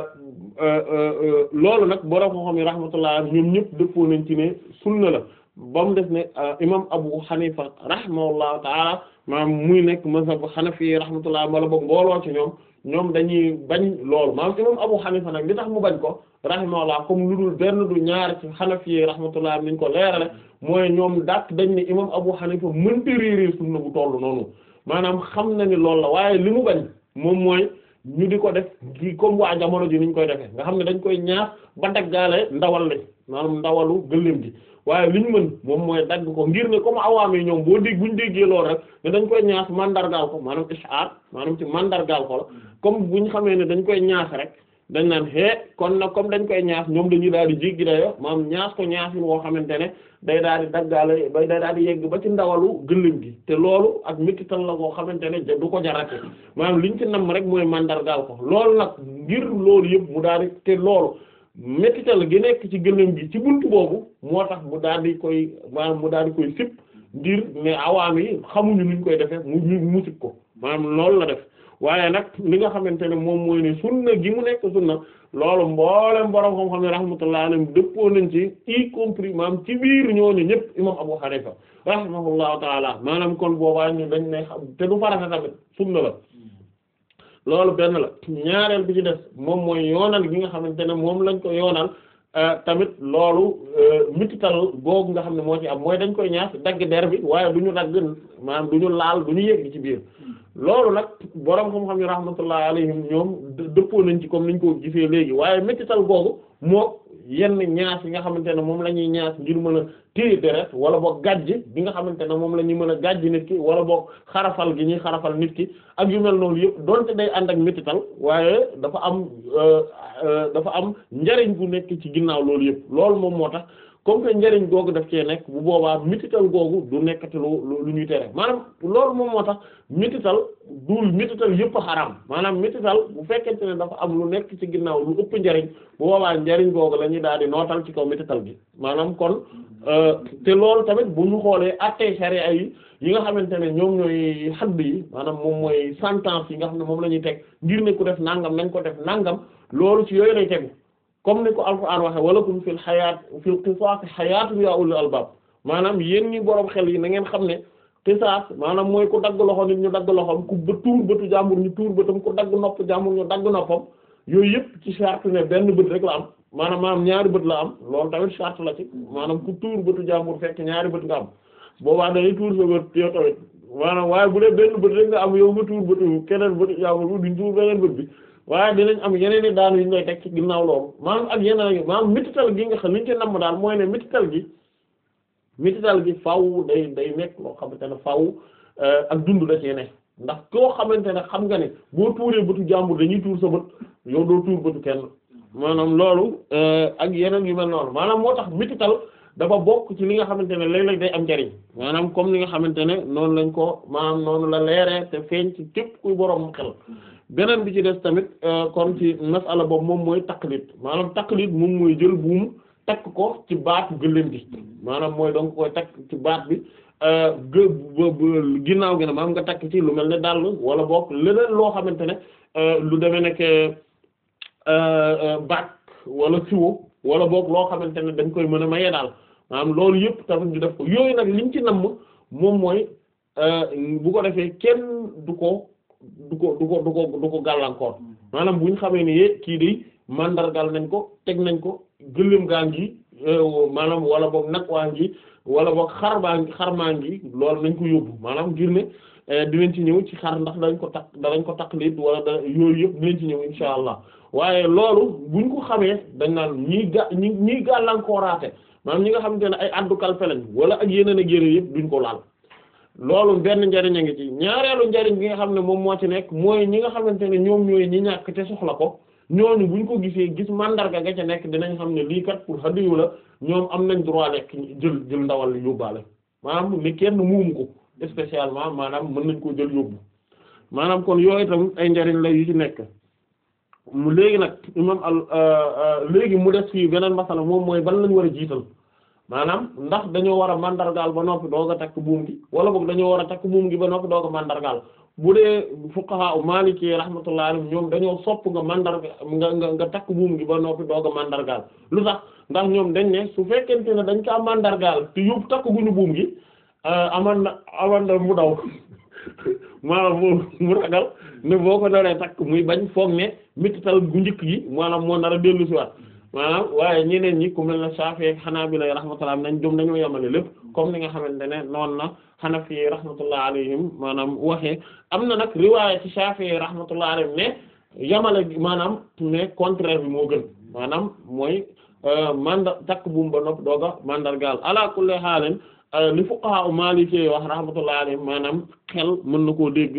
Euh, euh, euh, loolu nag borom xam-xam yi rahmatullah ñoom ñëpp dëppoo nañ ci ne sunna la ba mu def ne imam Abu Hanifa rahimahullahu taala maam muy nekk mazhab Hanafi rahmatullah wala boog mbooloo ci ñoom ñoom dañuy bañ loolu maam imam Abu Hanifa nag li tax mu bañ ko rahimahullah comme lu dul benn du ñaar ci Hanafi rahmatullah niñ ko leerale mooy ñoom dàq dañ ne imam Abu Hanifa mënta réeréer sunna bu toll noonu maanaam xam na ni loolu la waaye li mu bañ moom mooy. ñu di ko def gi comme waa jamono ji ñu koy defee nga xam ne dañ koy ñaar ba daggaale ndawal lañ maanaam ndawalu gëléem gi waaye li ñu mën moom mooy dagg ko ngir ne comme awaam yi ñoom boo dégg ñu déggee loolu rek ne dañ koy ñaas mandargaal ko maanaam ishaar maanaam ci mandargaal ko la mm. comme ñu xamee ne dañ koy ñaax rek dañ naan kon na comme dañ koy ñaas ñoom dañuy daal di jéggi dayoo maam ñaas ko ñaasin woo xamante ne day daal di daggaale ba day daal di yegg ba ci ndawalu gëllëm gi te loolu ak méttital la koo xamante ne du ko jarate maanaam liñ ci nam rek mooy mandargaal ko loolu nag ngir loolu yëpp mu daal di te loolu méttital gi nekk ci gëllëm gi ci buntu boobu moo tax mu daal di koy maanaam mu daal koy sip ngir ne awaam yi xamuñu nuñ koy defee mu mu sip ko maanaam loolu la def waaye nag li nga xamante ne moom mooy ne sunna gi mu nekk sunna loolu mboolem borom xam-xam ne rahmatullah alayhi dëppoo nañ ci y compris maam ci biir ñooñu ñëpp imam Abu Hanifa rahimahullahu taala maanaam kon boobaa ñu dañ ne te du farata tamit sunna la loolu benn la ñaareel bi ci def moom mooy yoonal gi nga xamante ne moom lañ ko yoonal Euh, tamit loolu euh, mitital googu nga xam ne moo ci am mooy dañ koy ñaas dagg der bi waaye du ñu dagg maanaam du ñu laal du ñu yegg ci biir loolu nag boroom xam-xam yi rahmatullah alayhim ñoom dëppoo nañ ci comme niñ ko gisee léegi waaye mitital googu moo yenn ñaas yi nga xamante ne moom la ñuy ñaas ngir mën a téye deret wala boog gàjj bi nga xamante ne moom la ñuy mën a gàjj nit ki wala boog xarafal gi ñuy xarafal nit ki ak yu mel noonu yëpp donte day ànd ak métital waaye dafa am euh, euh, dafa am njariñ bu nekk ci ginnaaw loolu yëpp loolu moom moo tax comme que njariñ googu def cee nekk bu boobaa mitital googu du nekkati lu lu ñuy tere maanaam loolu moom moo tax mitital duul mitital yëpp a maanaam mitital bu fekkente ne dafa am lu nekk ci ginnaaw lu ëpp njariñ bu boobaa njariñ googu la ñuy daal di nootal ci kaw mitital bi maanaam kon euh, te loolu tamit bu ñu xoolee attee charia yi yi nga xamante ne ñoom ñooy xadd yi maanaam moom mooy sentence yi nga xam ne moom la ñuy teg ngir ne ku def nangam lañ ko def nangam loolu ci yooyu lay tegu comme ni ko alquran waxe walakum fil xayaat fil qisaas xayaatun yaa ulul albaab maanaam yéen ñi borom xel yi na ngeen xam ne qisaas maanaam mooy ku dagg loxo nit ñu dagg loxoom ku ba tuur bëtu jàmbur ñu tuur bëtam ku dagg nopp jàmbur ñu dagg noppam yooyu yëpp ci benn bët rek la am maanaam maanaam ñaari bët la am loolu tamit charte maanaam ku tuur bëtu jàmbur fekk ñaari bët nga am boobaa dañuy tuur sa bët yow tamit waaye bu dee benn bët rek nga am yow nga tuur bëtu keneen bëtu jàmbur bi duñ tuur beneen bët bi waaye dinañ am yeneen i daanu yu ñu lay teg ci ginnaaw loolu maanaam ak yeneen ak maanaam mitital gi nga xam li ñu ci namm daal mooy ne mitital gi mitital gi faaw day day nekk loo xamante ne faaw euh, ak dund da cee ne ndax koo xamante ne xam nga ne boo tuuree bëtu jàmbur dañuy tuur sa bët yow doo tuur bëtu kenn maanaam loolu euh, ak yeneen gi mel noonu maanaam moo tax mitital dafa bokk ci li nga xamante ne léeg-léeg day am njariñ maanaam comme li nga xamante ne noonu lañ ko maanaam noonu la leeree feeñ ci képp kuy borom xel beneen bi ci des tamit euh, kon ci masala boobu moom mooy taqlid maanaam taqlid moom mooy jël buum takk ko ci baat gëléem gi maanaam mooy donc koy takk ci baat bi euh, ginnaaw gi ne maanaam nga takk ci lu mel ne dàll wala boog leneen loo xamante ne euh, lu demee nekk baat wala siwo wala boog loo xamante ne dañ koy mën a maye daal maanaam loolu yëpp tamit ñu def ko yooyu nag liñ ci namm moom mooy bu ko defee kenn du ko du ko du ko du ko du gàllankoor maanaam bu ñu xamee nii yéeg kii di màndargal nañ ko teg nañ ko gëléem gaa ngi euh, maanaam wala boog nag waa ngi wala boog xar baa ngi xar maa ngi loolu nañ ko yóbbu maanaam ngir ne euh, dinañ ci ñëw ci xar ndax danañ ko takk danañ ko takk lépp wala da yooyu yëpp dinañ ci ñëw insha allah waaye loolu bu ñu ko xamee dañ naan ñii ga ñi ñii gàllankooraate maanaam ñi nga xamante ne ay addu kalpe lañ wala ak yeneen ak yeneen yëpp duñ ko laal loolu benn njariñ a ngi ci ñaareelu njariñ bi nga xam ne moom moo ci nekk mooy ñi nga xamante ne ñoom ñooy ñi ñàkk te soxla ko bu ñu ko gisee gis màndarga ga ca nekk dinañ xam ne lii kat pour hadiyu la ñoom am nañ droit lekk jël jël ndawal yóbbaale maanaam li kenn muumu ko spécialement maanaam mën nañ koo jël yóbbu maanaam kon yooyu tam ay njariñ la yu ci nekk mu léegi nag imam al euh, euh, léegi mu des fii beneen masala moom mooy ban lañ war a jiital maanaam ndax dañoo war a màndargaal ba noppi doog a takk buum gi wala boog dañoo war a takk buum gi ba noppi doog a mandargaal bu dee fuqaha maliki rahmatullahi alayhim dañoo sopp nga mandarga nga nga nga takk buum gi ba noppi doog a mandargaal lu tax ndax ñoom dañ ne su fekkente ne dañ kaa mandargaal te yóbbu takk guñu buum gi eh, aman na aman na mu daw [LAUGHS] maanaam moom mu ragal ne boo ko naree takk muy bañ foog ne méttital gu njëkk gi maanaam moo nar a dellu si maanaam waaye ñeneen ñi ku mel ne Shafi'i ak Hanabila rahmatullah nañ jom dañoo yemale lépp comme ni nga xamante ne noonu na Hanafi rahmatullah alayhim maanaam waxee am na nag riwaaya ci Shafi'i rahmatullah alayhim ne yamale maanaam ne contraire bi moo gën maanaam mooy euh, manda takk buum ba nopp dooga mandargaal ala kulli haalin euh, li fuqaha Maliki wax rahmatullah alayhim maanaam xel mën na koo dégg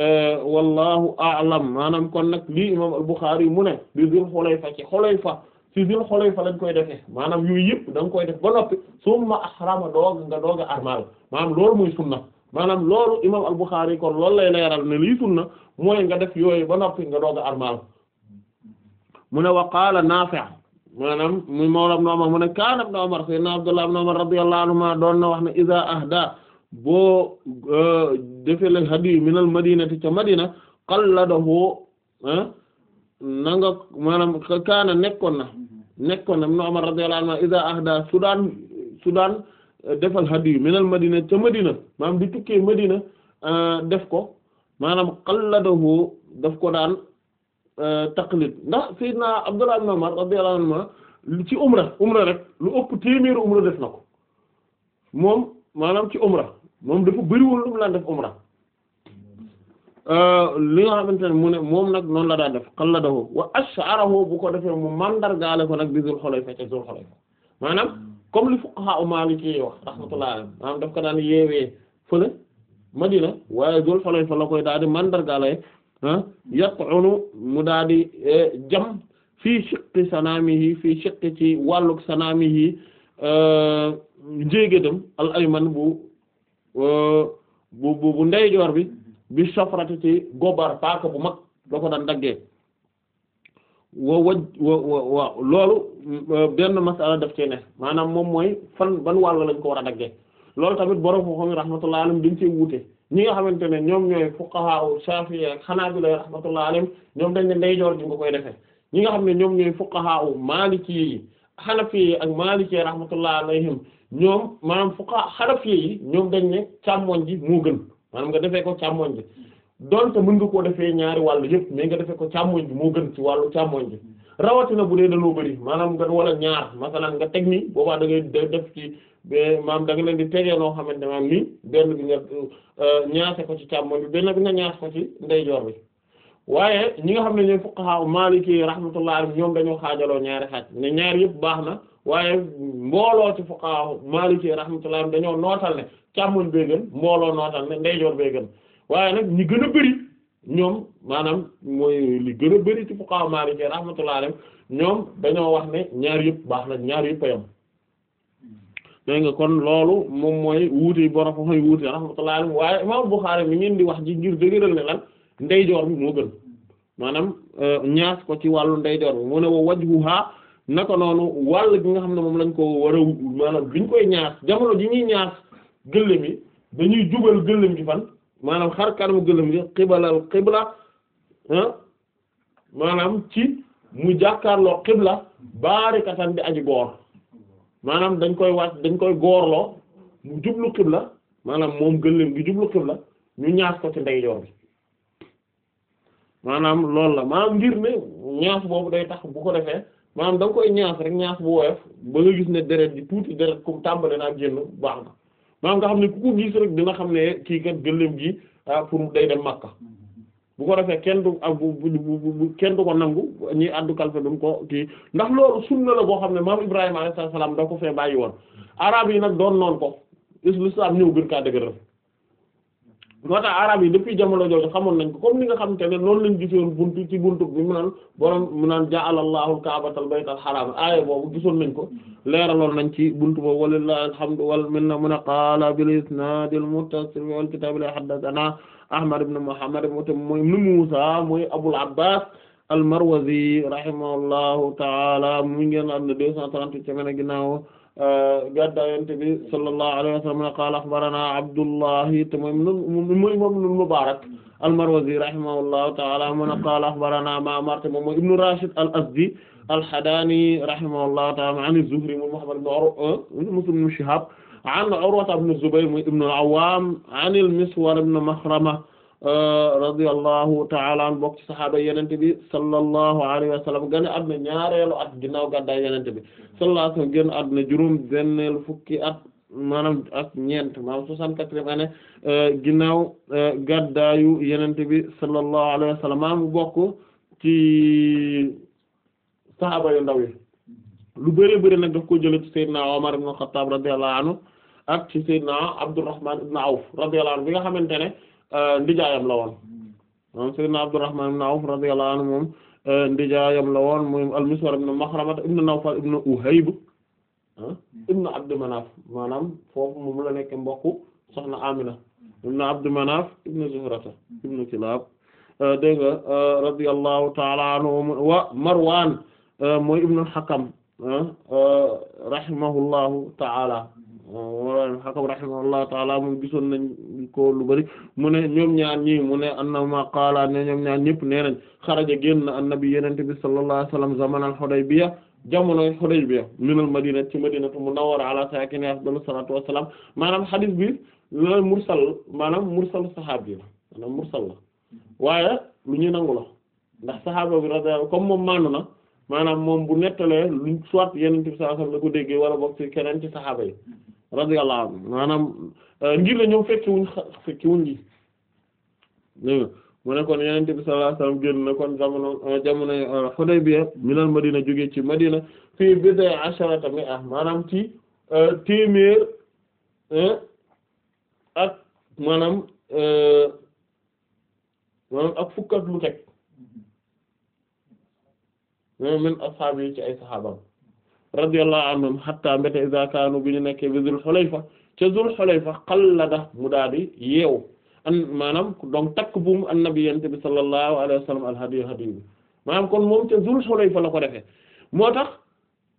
euh, wallahu a'lam maanaam kon nag lii imam al-Bukhari mu ne di dul Xulayfa ci Xulayfa ci Zul Xulayfa lañ koy defee maanaam yooyu yëpp dan nga koy def ba noppi summa ahrama doog nga a armal maanaam loolu mooy sunna maanaam loolu imam al kon loolu leeral ne lii sunna mooy def yooyu ba noppi nga doog a armal mu ne wa qaala Naafi' maanaam muy mawla Ibn Umar mu kaana Ibn Umar sayyidina Abdullah na wax ne iza ahda euh, la hadiyu min al ca madina qalladahu ah, na maanaam kaana nekkoon na nekkoon na Ibn Umar radiyallahu anhu iza ahda su daan su daan eh, defal hadiyu minal madina ca madina maanaam di tukkee madina eh, def ko maanaam qalladahu def ko daan eh, taqlid ndax sayyidina Abdullah ibn Umar radiyallahu anhu ci umra umra rek lu ëpp téeméeru umra def na ko moom maanaam ci umra moom dafa bëriwul lu mu daan def umra Euh, li nga xamante ne mu ne moom nag noonu la daan def xalladahu wa ash'arahu bu ko defee mu mandargaale ko nag bi Zul Xulayfa ca Zul Xulayfa maanaam comme li fuqaha u Maliki wax rahmatullahi alayhi maanaam daf ko daan yeewee fële Madina la koy daal di mandargaale ah, mu daal di eh, jam fii shiqqi sanaamihi fii shiqqi ci wàllug sanaamihi euh, njéegédam al ayman euh, bu bu bu ndeyjoor bi. bi safrati ci gobar paaka bu mag da ko daan daggee wa loolu euh, benn masala daf cee ne maanaam moom mooy fan ban wàll lañ ko war a daggee loolu tamit borom foo xam ne rahmatullah alayhim dañ cee wuute ñi nga xamante ne ñoom ñooy fuqaha Shafi'i ak Hanabila ñoom dañ ne ndeyjoor ji nga koy defee ñi nga xam ne ñoom ñooy fuqaha Maliki yi Hanafi ak Maliki rahmatullah alayhim ñoom maanaam fuqaha Hanafi yi ñoom dañ ne càmmoñ ji moo gën. maanaam nga defee ko càmmoñ bi donte mën nga koo defee ñaari wàll yëpp mais nga defee ko càmmoñ bi moo gën ci wàllu càmmoñ bi rawatina bu dee dañoo bëri maanaam nga wala ñaar masalan nga teg nii boobaa da ngay def ci maam da nga leen di tegee noo xamante maam lii benn bi nga euh, ñaase ko ci càmmoñ bi benn bi nga ñaas ko ci ndeyjoor bi waaye ñi nga xam ne ñooy fuqaha Maliki rahmatullah ñoom dañoo xaajaloo ñaari xaaj ne ñaar yëpp baax na waaye mbooloo ci fuqaha Maliki rahmatullah dañoo nootal ne càmmoñ bee gën mbooloo nootal ne ndeyjoor bee gën waaye nag ñi gën a bëri ñoom maanaam mooy li gën a bëri ci fuqaha Maliki rahmatullah alayhi ñoom dañoo wax ne ñaar baax na ñaar yëpp a kon loolu moom mooy wuute borom mooy wuute rahmatullah alayhi waaye imam Bukhari mi ngeen di wax ji ngir dëgëral ne lan ndeyjoor bi moo gën maanaam euh, ñaas ko ci wàllu ndeyjoor bi mu naka noonu wàll gi nga xam ne moom lañ ko war a maanaam ñu koy ñaas jamono ji ñuy ñaas gëléem yi dañuy jubal gëléem gi fan maanaam xar kanamu gëléem gi xibalal xibla ah, maanaam ci mu jàkkaarloo xibla baarikatan bi aji maanaam dañ koy wàcc dañ koy goorloo mu jublu xibla maanaam moom gëléem gi jublu xibla ñu ñaas ko ci ndeyjoor bi maanaam loolu la maanaam ngir ne ñaas boobu day tax bu ko defee maanaam da nga koy ñaas rek ñaas bu woyof ba nga gis ne deret ji tuuti deret ku tàmbale naa génn baax na maanaam nga xam ne ku ko gis rek dina xam ne kii kat gëléem gi ah, pour day dem Makka bu ko defee kenn du ak ah, bu bu kenn du ko nangu ñi àddu kalfe duñ ko kii ndax loolu sunna la boo xam ne maam Ibrahima alayhi salaam da ko fee bàyyi woon arab yi nag doon noon ko islam ñëw gën kaa dëgëral moo tax arab yi depuis jamono jooju xamoon nañ ko comme ni nga xamante ne noonu lañ gisoon buntu ci buntu bi mu naan borom mu naan ja'ala Allahu al-ka'batal baytal haram aaya boobu gisoon nañ ko leeraloon nañ ci buntu boobu walillahi alhamdu wal minna mun qaala bil isnaadil muttasil wal kitaab la haddathana Ahmad ibn Muhammad ibn Muusaa mooy Abul Abbaas al-Marwazi rahimahullahu ta'ala mu ngeen ngi génn àdduna 238 ci ginnaaw gadda yonent bi sallallahu alayhi wa sallam qaala akhbaranaa Abdullahi te moom mooy moom ibnu Mubaarak al-Marwazi rahimahullahu ta'aala mu ne qaala akhbaranaa Ma'mar te moom mooy ibnu Rashid al-Azdi al-Hadaani rahimahullahu ta'aala an az-Zuhri mu Muhammad ibn Urwa uh, Muslim ibn Shihaab an Urwa ibn Zubayr mu ibnu al-Awwaam an al-Miswar ibn Makhrama Euh, radiyallahu ta'ala an bokk ci sahaaba yenente bi sallallahu alayhi wa sallam gane àdduna ñaareelu at ginnaaw gàddaay yenente bi sallallahu alayhi wa sallam génn fukki at maanaam ak ñeent maanaam soixante-quatrième année euh, ginnaaw euh, gàddaayu yenente bi sallallahu alayhi wa sallam maanaam ci sahaaba yu ndaw yi lu bëri bëri nag daf ko jële ci Seydina Omar ibn Khattab radiyallahu anhu ak ci Seydina Abdurrahman ibn Awf radiyallahu anhu bi nga xamante ne Euh, ndijaayam la woon hmm. moom sayyidina Abdurrahman ibn Awf radiyallahu anhu moom euh, ndijaayam la woon moom al-Miswar ibn Makhramah ibn Nawfal ibn Uhayb ah, hmm. ibn Abd Manaf maanaam foofu moom la nekk mbokku soxna Amina ibn Abd Manaf ibn Zuhrata ibn Kilab euh, dégg nga radiyallahu ta'ala anhu wa Marwan mooy ibn al-Hakam ah, rahimahullahu ta'ala wal hakam rahimahullahu taala moom gisoon nañ ko lu bari mu ne ñoom ñaar ñi mu ne annama qaala ne ñoom ñaar ñëpp nee nañ xaraja génn na annabi yenente bi sallallahu alayhi wasallam zamanal Hudaybiya jamonoy Hudaybiya minal madina ci madinatu munawwara ala saakini afdalu salaatu wassalaam maanaam xadis bi la mursal maanaam mursal saxaabi la maanaam mursal la waaye lu ñuy nangu la ndax saxaaba bi radiyallahu comme moom maanu na maanaam moom bu nettalee lu soit yenente bi sallallahu alayhi ko déggee wala bokk ci keneen ci saxaaba radiyallahu anhu maanaam euh, ngir la ñoom fekki wuñ fekki wuñ li mu ne kon yonent bi sallallahu alayhi wasallam génn na kon jamono euh, jamono euh, Hudaybiya minal Madina jóge ci Madina fii bid'a asharata mi'a maanaam ci téeméer ak maanaam maanaam ak fukk ak lu teg mm-hmm. min ashaabi ci ay saxaabam radiyallahu anhum hatta mbéta iza kaanu bi ñu nekkee bi Zul Xulayfa ca Zul Xulayfa xallada mu daa di yeew an maanaam donc takk buum annabi yente bi sallallahu alayhi wa sallam alhadiyu hadiyu bi maanaam kon moom ca Zul Xulayfa la ko defee moo tax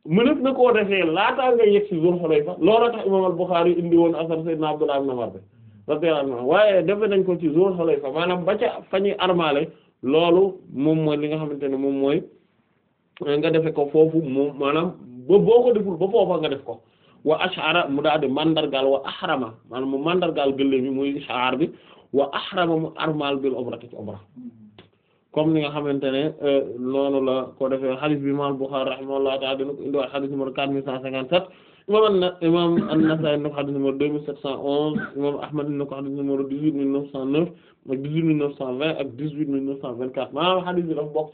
mënef na koo defee laataa nga yegg ci Zul Xulayfa loola tax imaam al-Bukhari indi woon asar na Abdullah ibn Umar bi radiyallahu anhu waaye defe nañ ko ci Zul Xulayfa maanaam ba ca fa ñuy armaale loolu moom mooy li nga xamante ne moom mooy nga defe ko foofu moom maanaam boobu boo ko deful ba foofa nga def ko wa ashara mu daal di mandargaal wa ahrama maanaam mu mandargaal gëléem bi muy shaar bi wa ahrama mu armal bil umrati ci umra comme ni nga xamante ne euh, noonu la ko defee hadith bi imam Bukhari rahimahullahu ta'ala dina ko indi waa hadith numéro quatre mille cent cinquante-sept imam imam An-Nasa'i na ko hadith numéro deux mille sept cent onze imam Ahmad na ko hadith numéro dix-huit mille neuf cent neuf ak dix-huit mille neuf cent vingt quatre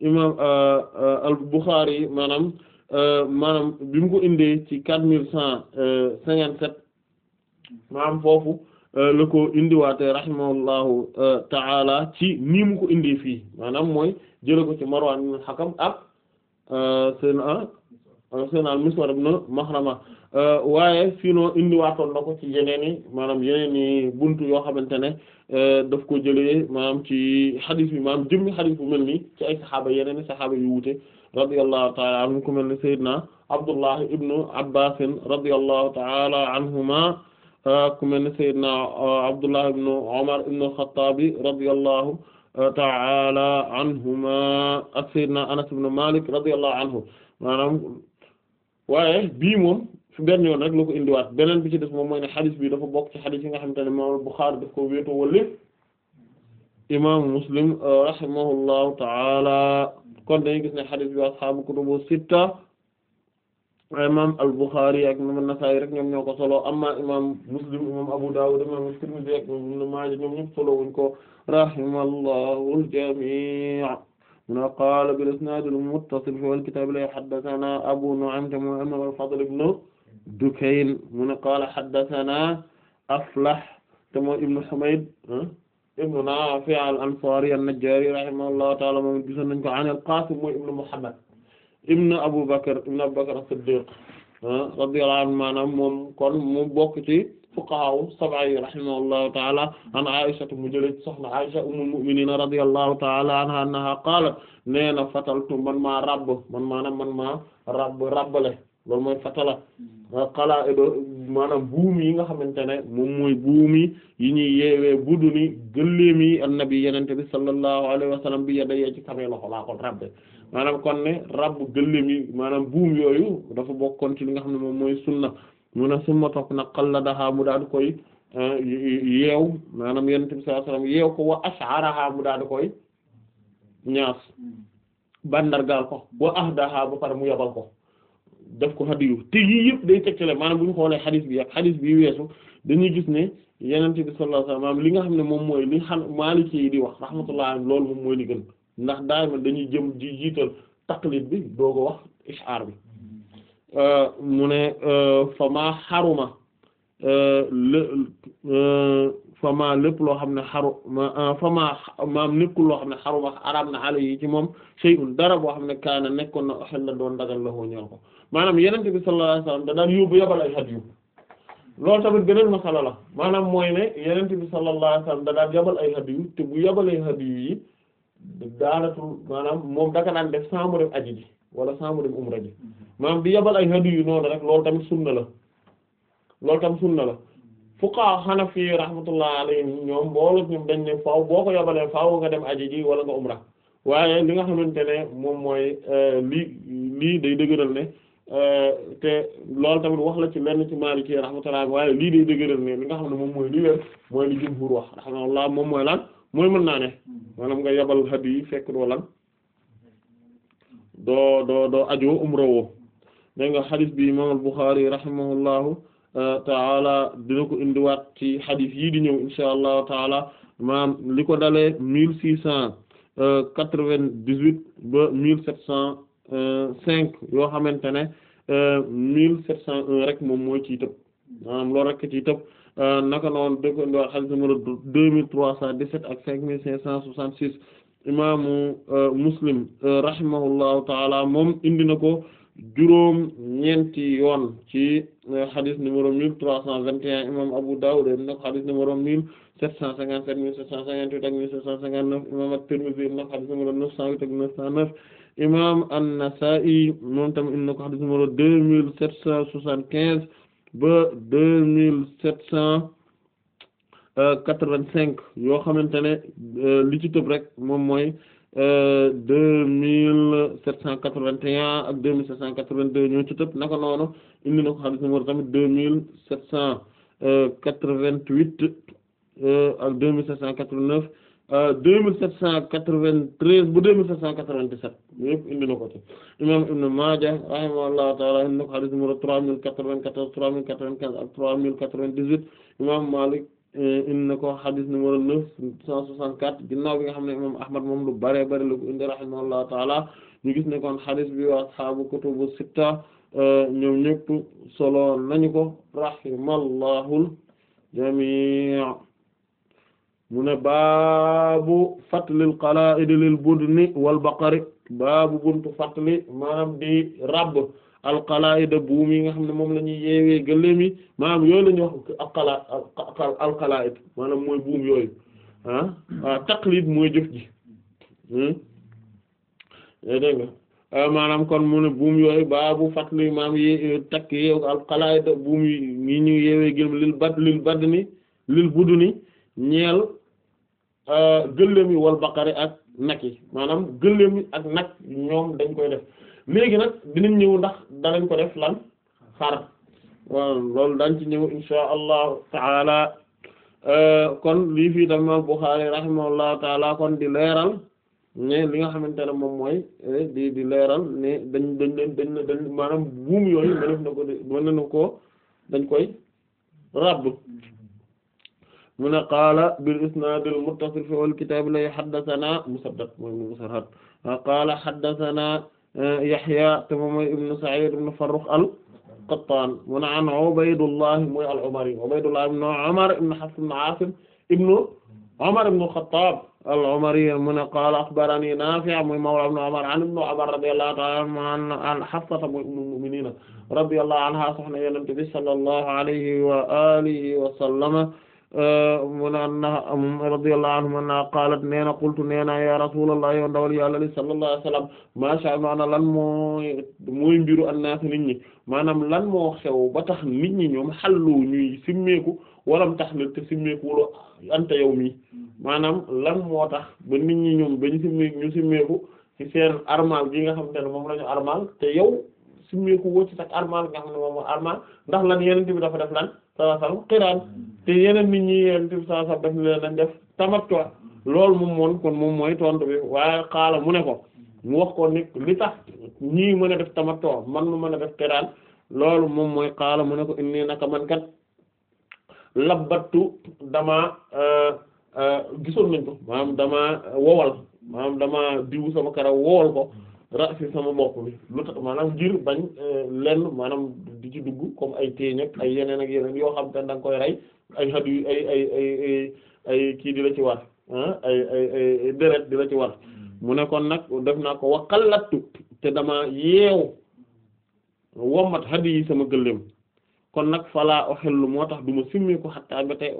imam euh, euh, al-Bukhari maanaam euh, maanaam bi mu ko indee ci quatre mille cent cinquante sept maanaam foofu la ko indiwaatee rahimahullahu ta'ala ci nii mu ko indee fii maanaam mooy jële ko ci Marwan ibn Hakam ak seen a al Miswar ibn Mahrama Euh, waaye sinon indiwaatoon na ko ci yeneen i maanaam buntu yoo xamante ne euh, daf ko jëlee maanaam ci xadis bi maanaam jëmmi xadis bu mel nii ci ay saxaaba yeneen saxaaba yu wuute radiyallahu ta'ala anhum ku mel ne Seydina Abdullah ibnu Abbas radiyallahu ta'ala anhuma euh, ku mel ne Seydina Abdullah ibnu Umar ibnu Xattaab radiyallahu ta'ala anhuma ak Seydina Anas ibnu Malik radiyallahu anhu maanaam waaye bii moom su benn ko indiwaat beneen bi ci des moom mooy ne xadis bi dafa bokk ci xadis yi nga xamante ne imaamul Buxaari daf ko wéetoo wala imaamu Muslim euh, rahimahullahu gis ne xadis bi ashaabu kutubu sitta imam al-Bukhari ak imam a nasai rek ñoom ñoo ko solo amma imam Muslim imam Abu Dawud imam at-Tirmidhi ak imam Ibn Majah ñoom ñëpp solo wuñ ko rahimallahu al-jami' muna a bil isnad al-muttasil fi al-kitab la haddathana Abu Nu'aym te mu Dukayn mu ne qaala haddathana Aflah te moo ibnu Humayd ah, ibnu Naafi' al-Ansaari an-Najjaari rahimahullahu ta'ala moom gisoon nañ ko an al-Qaasim mooy ibnu Muhammad ibnu Abu Bakr ibnu Abu Bakr as-Siddiq ah, radiyallahu anhu maanaam moom kon mu bokk ci fuqahaa sab'a yi rahimahullahu ta'ala an Aisha mu jëlee soxna Aisha ummul mu'miniin radiyallahu ta'ala anha annaha qaalat nee na fataltu man maa rabb man maanaam man maa rabb rabbale loolu mooy fatala xalaa hmm. ido maanaam buum yi nga xamante ne moom mooy buum yi yi ñuy yeewee buddu ni gëléem yi annabi yenente bi sallallahu alayhi wa sallam bi yedda yee ci samay loxo laa kon rabbe maanaam kon ne rabb gëléem maanaam buum yooyu dafa bokkoon ci li nga xam ne moom mooy sunna mu ne summa topp na qalladaha mu daal di koy yeew maanaam yenente bi sallallahu alayhi wa sallam yeew ko wa ash'araha mu daal di koy ñaas hmm. bandargaal ko wa ahdaha ba pare mu yabal ko def ko hadiyu te yii yëpp day tegtale bu ñu xoolee xadis bi ak xadis bi weesu dañuy gis ne yenente bi sallallahu alayhi wasallam li nga xam ne moom mooy li xam maliki yi di wax rahmatullah lool moom mooy li gën ndax daayima dañuy jëm di jiital taqlid bi doog a wax ishaar bi euh, mu ne euh, famaa xaruma euh, lé famaa lépp loo xam ne xaruma famaa maam nekkul loo xam ne xaruma araam na ala yi ci moom shay'un dara boo xam ne kaana nekkoon na xel la doon dagal la woo ko maanaam yenente bi sallallahu alayhi wasallam da daan yóbbu yabal ay hadiyu loolu tamit beneen masala la maanaam mooy ne yenente bi sallallahu alayhi wasallam da daan yabal ay hadiyu te bu yabalee hadiyu yi daanatul maanaam moom daka daan def sans mu dem aji ji wala sans mu dem umra ji maanaam di yabal ay hadiyu noonu rek loolu tamit sunna la loolu tamit sunna la fuqaha hanafi rahmatullah alayhim ñoom boolu ñoom dañ ne faaw boo ko yabalee faaw nga dem aji ji wala nga umra waaye li nga xamante ne moom mooy euh, lii lii day dëgëral Euh, te loolu tamit wax la ci lenn ci Maliki rahmatullah waaye lii day dëgëral ne li nga xam ne moom mooy li wér mooy li jumhur wax rahmatullah moom mooy lan mooy mën naa ne maanaam nga yabal hadi fekk doo do doo doo doo ajoo umra woo dégg nga xadis bi imam al-Bukhari euh, taala dina ko indiwaat ci xadis yii di ñëw insha allahu taala maam li ko dale mille six cent euh, quatre-vingt-dix-huit ba mille sept cent cinq yoo xamante ne mille sept cent un rek moom moo ciy tëb maanaam loolu rek ciy tëb naka noonu dëgg ndox hadith numéro deux mille trois cent dix-sept ak cinq mille cinq cent soixante-six imaamu euh, Muslim euh, rahimahullahu taala moom indi na ko juróom ñeenti yoon ci hadith euh, numéro mille trois cent vingt et un imam Abu Dawud indi na ko hadith numéro mille sept cent cinquante-sept mille sept cent cinquante-huit ak neuf imam At-Tirmidhi indi na ko hadith neuf cent huit ak neuf cent neuf imam an-Nasa'i moom tamit indi na ko hadith numéro deux mille sept cent soixante quinze ba deux mille sept cent quatre-vingt-cinq yoo xamante ne euh, li ci tëb rek moom mooy euh, deux mille sept cent quatre-vingt-un ak deux mille sept cent quatre-vingt-deux ñoo ci tëb naka noonu indi na ko hadith numéro tamit deux mille sept cent euh, quatre-vingt-huit ak deux mille sept cent quatre neuf Euh, deux mille sept cent quatre-vingt-treize bu deux mille sept cent quatre-vingt-dix-sept indi na ko ci imam Ibn Maaja rahimahullahu taala indi na ko hadith numéro trois mille quatre-vingt-quatorze trois mille quatre-vingt-quinze ak trois mille quatre-vingt-dix-huit imam Malik euh, indi na ko hadith numéro neuf cent soixante-quatre ginnaaw bi nga xam ne imam Ahmad moom lu bare bare la ko indi rahimahullahu taala ñu gis ne kon hadith bi wa ashaabu kutubu sitta euh, ñoom ñëpp solo nañu ko rahimallahu jami' mu ne baabu fatlil qala'id lil budni wal baqari baabu buntu fatli maanaam di rabb al qala'id buum yi nga xam ne moom la ñuy yeewee gëléem yi maanaam yooyu la ñuy wax al qala al mooy buum yooyu ah ah taqlid mooy jëf ji hmm, eh, dégg ah, kon mu ne buum yooyu baabu fatli maam yi eh, takk yeew al qala'id buum yi ñuy yeewee gëléem lil bad lil badni lil budni ñeel Euh, gëléem yi wal baqari ak nag yi maanaam gëléem yi ak nag ñoom dañ koy def léegi nag dinañ ñëw ndax danañ ko def lan xar waaw loolu dañ ci ñëw insha allahu taala euh, kon lii fii dama Bukhari rahimahullahu taala kon di leeral ne li nga xamante ne moom mooy eh, di di leeral ne dañ dañ leen dañ dañ maanaam buum yooyu mënef na ko mën na ko dañ koy ràbb mu ne qaala bil isnaadil muttasil fi al kitaab la haddasanaa Musaddad mooy Musarhad qaala haddasanaa eh, Yahya te moom mooy ibn Sa'iid ibn Farrukh al-Qattaan mu ne an Ubaydullah mooy al-Umari Ubaydullah ibn Umar ibn Hafs ibn Aasim ibn Umar ibn al-Khattaab al-Umari mu ne qaala akhbaranii Naafi' mooy mawlaa ibn Umar an ibn Umar radiyallahu ta'aala an Hafsa mooy ummul mu'miniin radiyallahu anhaa soxna Yonent bi sallallahu alayhi wa aalihi wa sallama mu ne anna radiyallahu anhum anna qalat nee na qultu nee na ya rasulullah yow ndawal yàlla li sallallahu alayhi wasallam maasa lan moo mooy mbiru annaas nit ñi maanaam lan moo xew ba tax nit ñi ñoom xallu ñuy simmeeku walam tax na te simmeeku wala anta yow mii maanaam lan moo tax ba nit ñi ñoom ba simmeeku ñu simmeeku ci seen armal nga xam te ne moom la ñu te yow simmeeku woo ci sax armal nga xam ne moom mooy ndax lan yeneen bi dafa def lan sallallahu alayhi wasallam xiraan te yeneen nit ñi yeneen bi sallallahu alayhi wasallam def tamattu loolu moom mooy tontu bi waaye xaala mu ne ko mu wax ko ni li mën a def tamattu man mu mën a def xiraan loolu moom mooy xaala mu ne ko indi naka man kat labbattu dama euh, euh, gisoon nañ ko maanaam dama wowal maam dama diwu sama karaw wowal ko ra sama bopp bi lu tax maanaam ngir bañ euh, lenn maanaam di ci dugg comme ay téeñ ak ay yeneen ak yeneen yoo xam te ne da nga koy rey ay xad yu ay ay kii di la ci war ay ay ay deret di la ci war mm. mu ne kon nag def naa ko waqallattu te dama yeew wommat xad yi sama gëléem kon nag falaa oxellu moo tax du ma simmeeku xattaa ba tey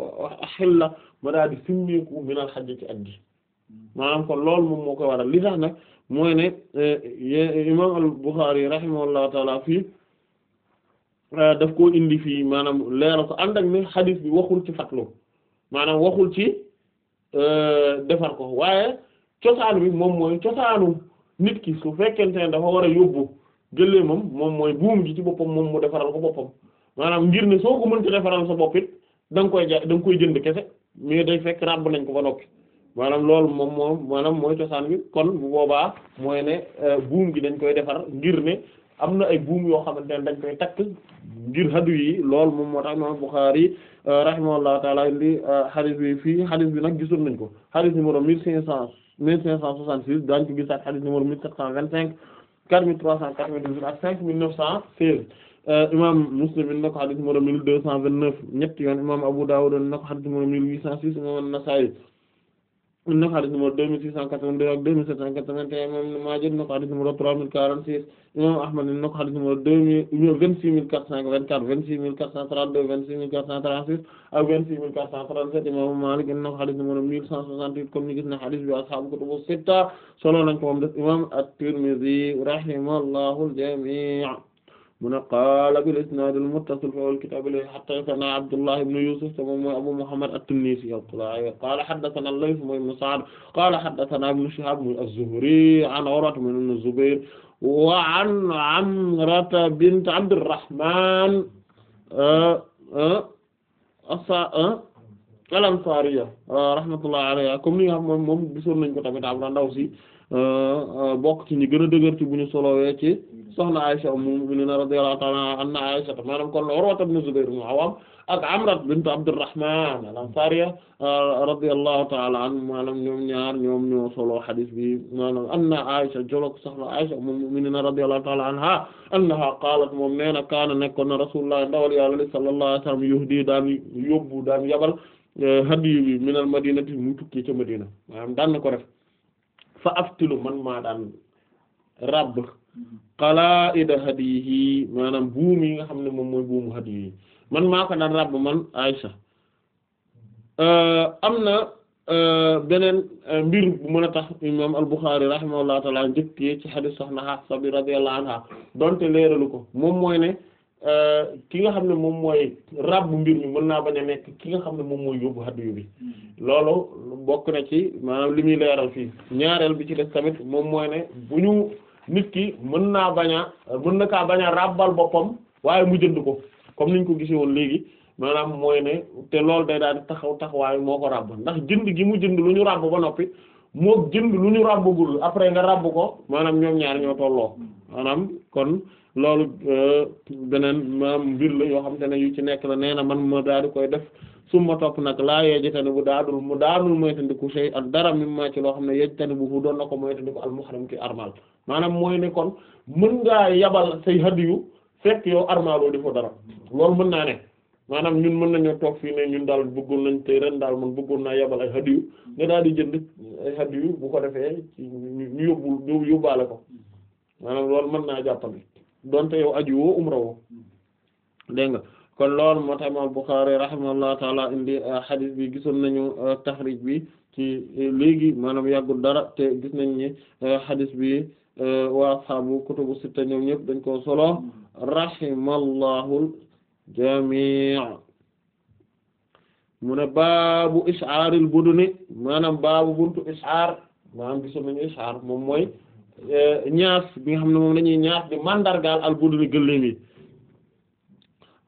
ma daal di simmeeku minal xaj ci at gi mm. maanaam kon loolu moom moo koy waral li tax nag mooy ne eh, imam al-Bukhari rahimahullahu taala fii eh, daf koo indi fii maanaam leeral ko ànd ne xadis bi waxul ci fatlu maanaam waxul ci eh, defar ko waaye cosaan bi moom mooy cosaanu nit ki su fekkente ne dafa war a yóbbu gëlee moom moom mooy buum gi ci boppam moom mu defaral ko boppam maanaam ngir ne soo ko mënta defaral sa bopp it da nga koy ja da koy jënd kese mais day fekk ràbb nañ ko ba noppi maanaam loolu moom moom maanaam mooy cosaan bi kon bu boobaa mooy ne euh, buum gi dañ koy defar ngir ne am na ay buum yoo xamante ne dañ koy takk ngir hadu yi loolu moom moo tax imam Bukhari euh, rahimahullahu taala indi euh, hadith bi ko hadith numéro mille cinq cent mille cinq cent soixante-six deux cent vingt-neuf ñetti yoon imam Abu Dawud in na ko hadith huit cent six indi na ko xadis numéro deux mille six cent quatre-vingt-deux ak deux mille sept cent quatre-vingt-un imam Ibn Maaja indi na ko xadis numéro trois mille quarante-six imam Ahmad indi na ko xadis numéro deux mille vingt-six mille quatre cent vingt-quatre vingt-six mille quatre cent trente-deux vingt-six mille quatre cent trente-six ak vingt-six mille quatre cent trente-sept imam Maalik indi na ko xadis numéro mille cent soixante-huit comme ni gis na xadis bi ashaabu kutubu sitta solo nañ ko moom def imam At-Tirmidhi rahimahullahu al-jamii' mu ne qaala bil isnaad al muttasil fi al kitaab haddathana Abdullah ibn Yusuf te moom mooy Abu Muhammad at-Tinnisi al-Qalaa'i qaala haddathana al-Layth mooy ibn Sa'd qaala haddathana ibn Shihab mooy az-Zuhri an Urwa ibn Zubayr wa an Amrata bint Abdurrahman al-Ansaariya rahmatullahi alayha comme ni nga xam moom moom gisoon nañ ko tamit am na ndaw si. Euh, euh, bokk ci ñi gën a dëgër ci bu ñu solowee ci soxna Aysa ummul mu'miniina radiyallahu ta'ala anha Aysa maanaam kon Urwa ibn Zubayr ibn Awaam ak Amra bint Abdurrahman al-Ansaariya euh, radiyallahu ta'ala anhum maanaam ñoom ñaar ñoom ñoo solo xadiis bi maanaam anna Aysa jolok soxna Aysa ummul mu'miniina radiyallahu ta'ala anha annaha qaalat moom nee na kaana nekkoon na Rasuulullaah ndawal Yàlla sallallahu alayhi wa sallam yuhdi daan yóbbu daan yabal hadiyu bi minal madinati mu tukki ca Madina maanaam daan na ko def fa aftilu man maa daan rabb qala'ida hadihi maanaam buum yi nga xam ne moom mooy buumu hadiyi yi man maa ko daan rabb man Aïcha am na euh, beneen euh, mbir bu mën a tax imam al-Bukhari rahimahullahu ta'ala njëkkee ci hadith soxna Hafsa bi radiyallahu anha donte leeralu ko moom mooy Euh, ki nga xam ne moom mooy ràbb mbir mi mën naa bañ a nekk ki nga xam ne moom mooy yóbbu hadiyu bi hmm. loolu bokk na ci maanaam li muy leeral fii ñaareel bi ci des tamit moom mooy ne bu ñu nit ki mën naa bañ a mën na kaa bañ a ràbbal boppam waaye mu jënd ko comme ñu ko gisee woon léegi maanaam mooy ne te loolu day daal di taxaw taxawaay moo ko ràbb ndax jënd gi mu jënd lu ñu ràbb ba noppi moo jënd lu ñu ràbbagul après nga ràbb ko maanaam ñoom ñaar ñoo loolu euh, beneen maanaam mbir la yoo xamante ne yu ci nekk na nee na man ma daal di koy def su ma topp nag laa yeeji tane bu daadul mu daadul moytandiku sey ak dara mi ma ci loo xam ne yeeji tane bu fu doon na ko moytandiku al muharram ki armal maanaam mooy ne kon mën ngaa yabal say hadiyu fekk yow armaloo defoo dara loolu naa ne maanaam ñun mën nañoo toog fii ne ñun daal bëggoon nañ tey ren daal man bëggoon naa yabal ay hadiyu nga daal di jënd ay hadiyu bu ko defee ñu yóbbu ñu yóbbaale ko maanaam loolu mën naa jàppandi donte yow aji woo umra woo dégg nga kon loolu moo tax imam Bukhari rahimahullahu taala indi euh, hadith bi gisoon nañu euh, taxrij bi ci euh, léegi maanaam yàggul dara te gis nañ ni hadith bi waa ashabu kutubu sitta ñoom ñëpp dañ koo solo rahimallahul jami' mu ne baabu ishaaril buduni maanaam baabu buntu ishaar maanaam gisoon nañu ishaar moom mooy Euh, ñaas bi nga xam ne moom la ñuy ñaas al buduni gëléem yi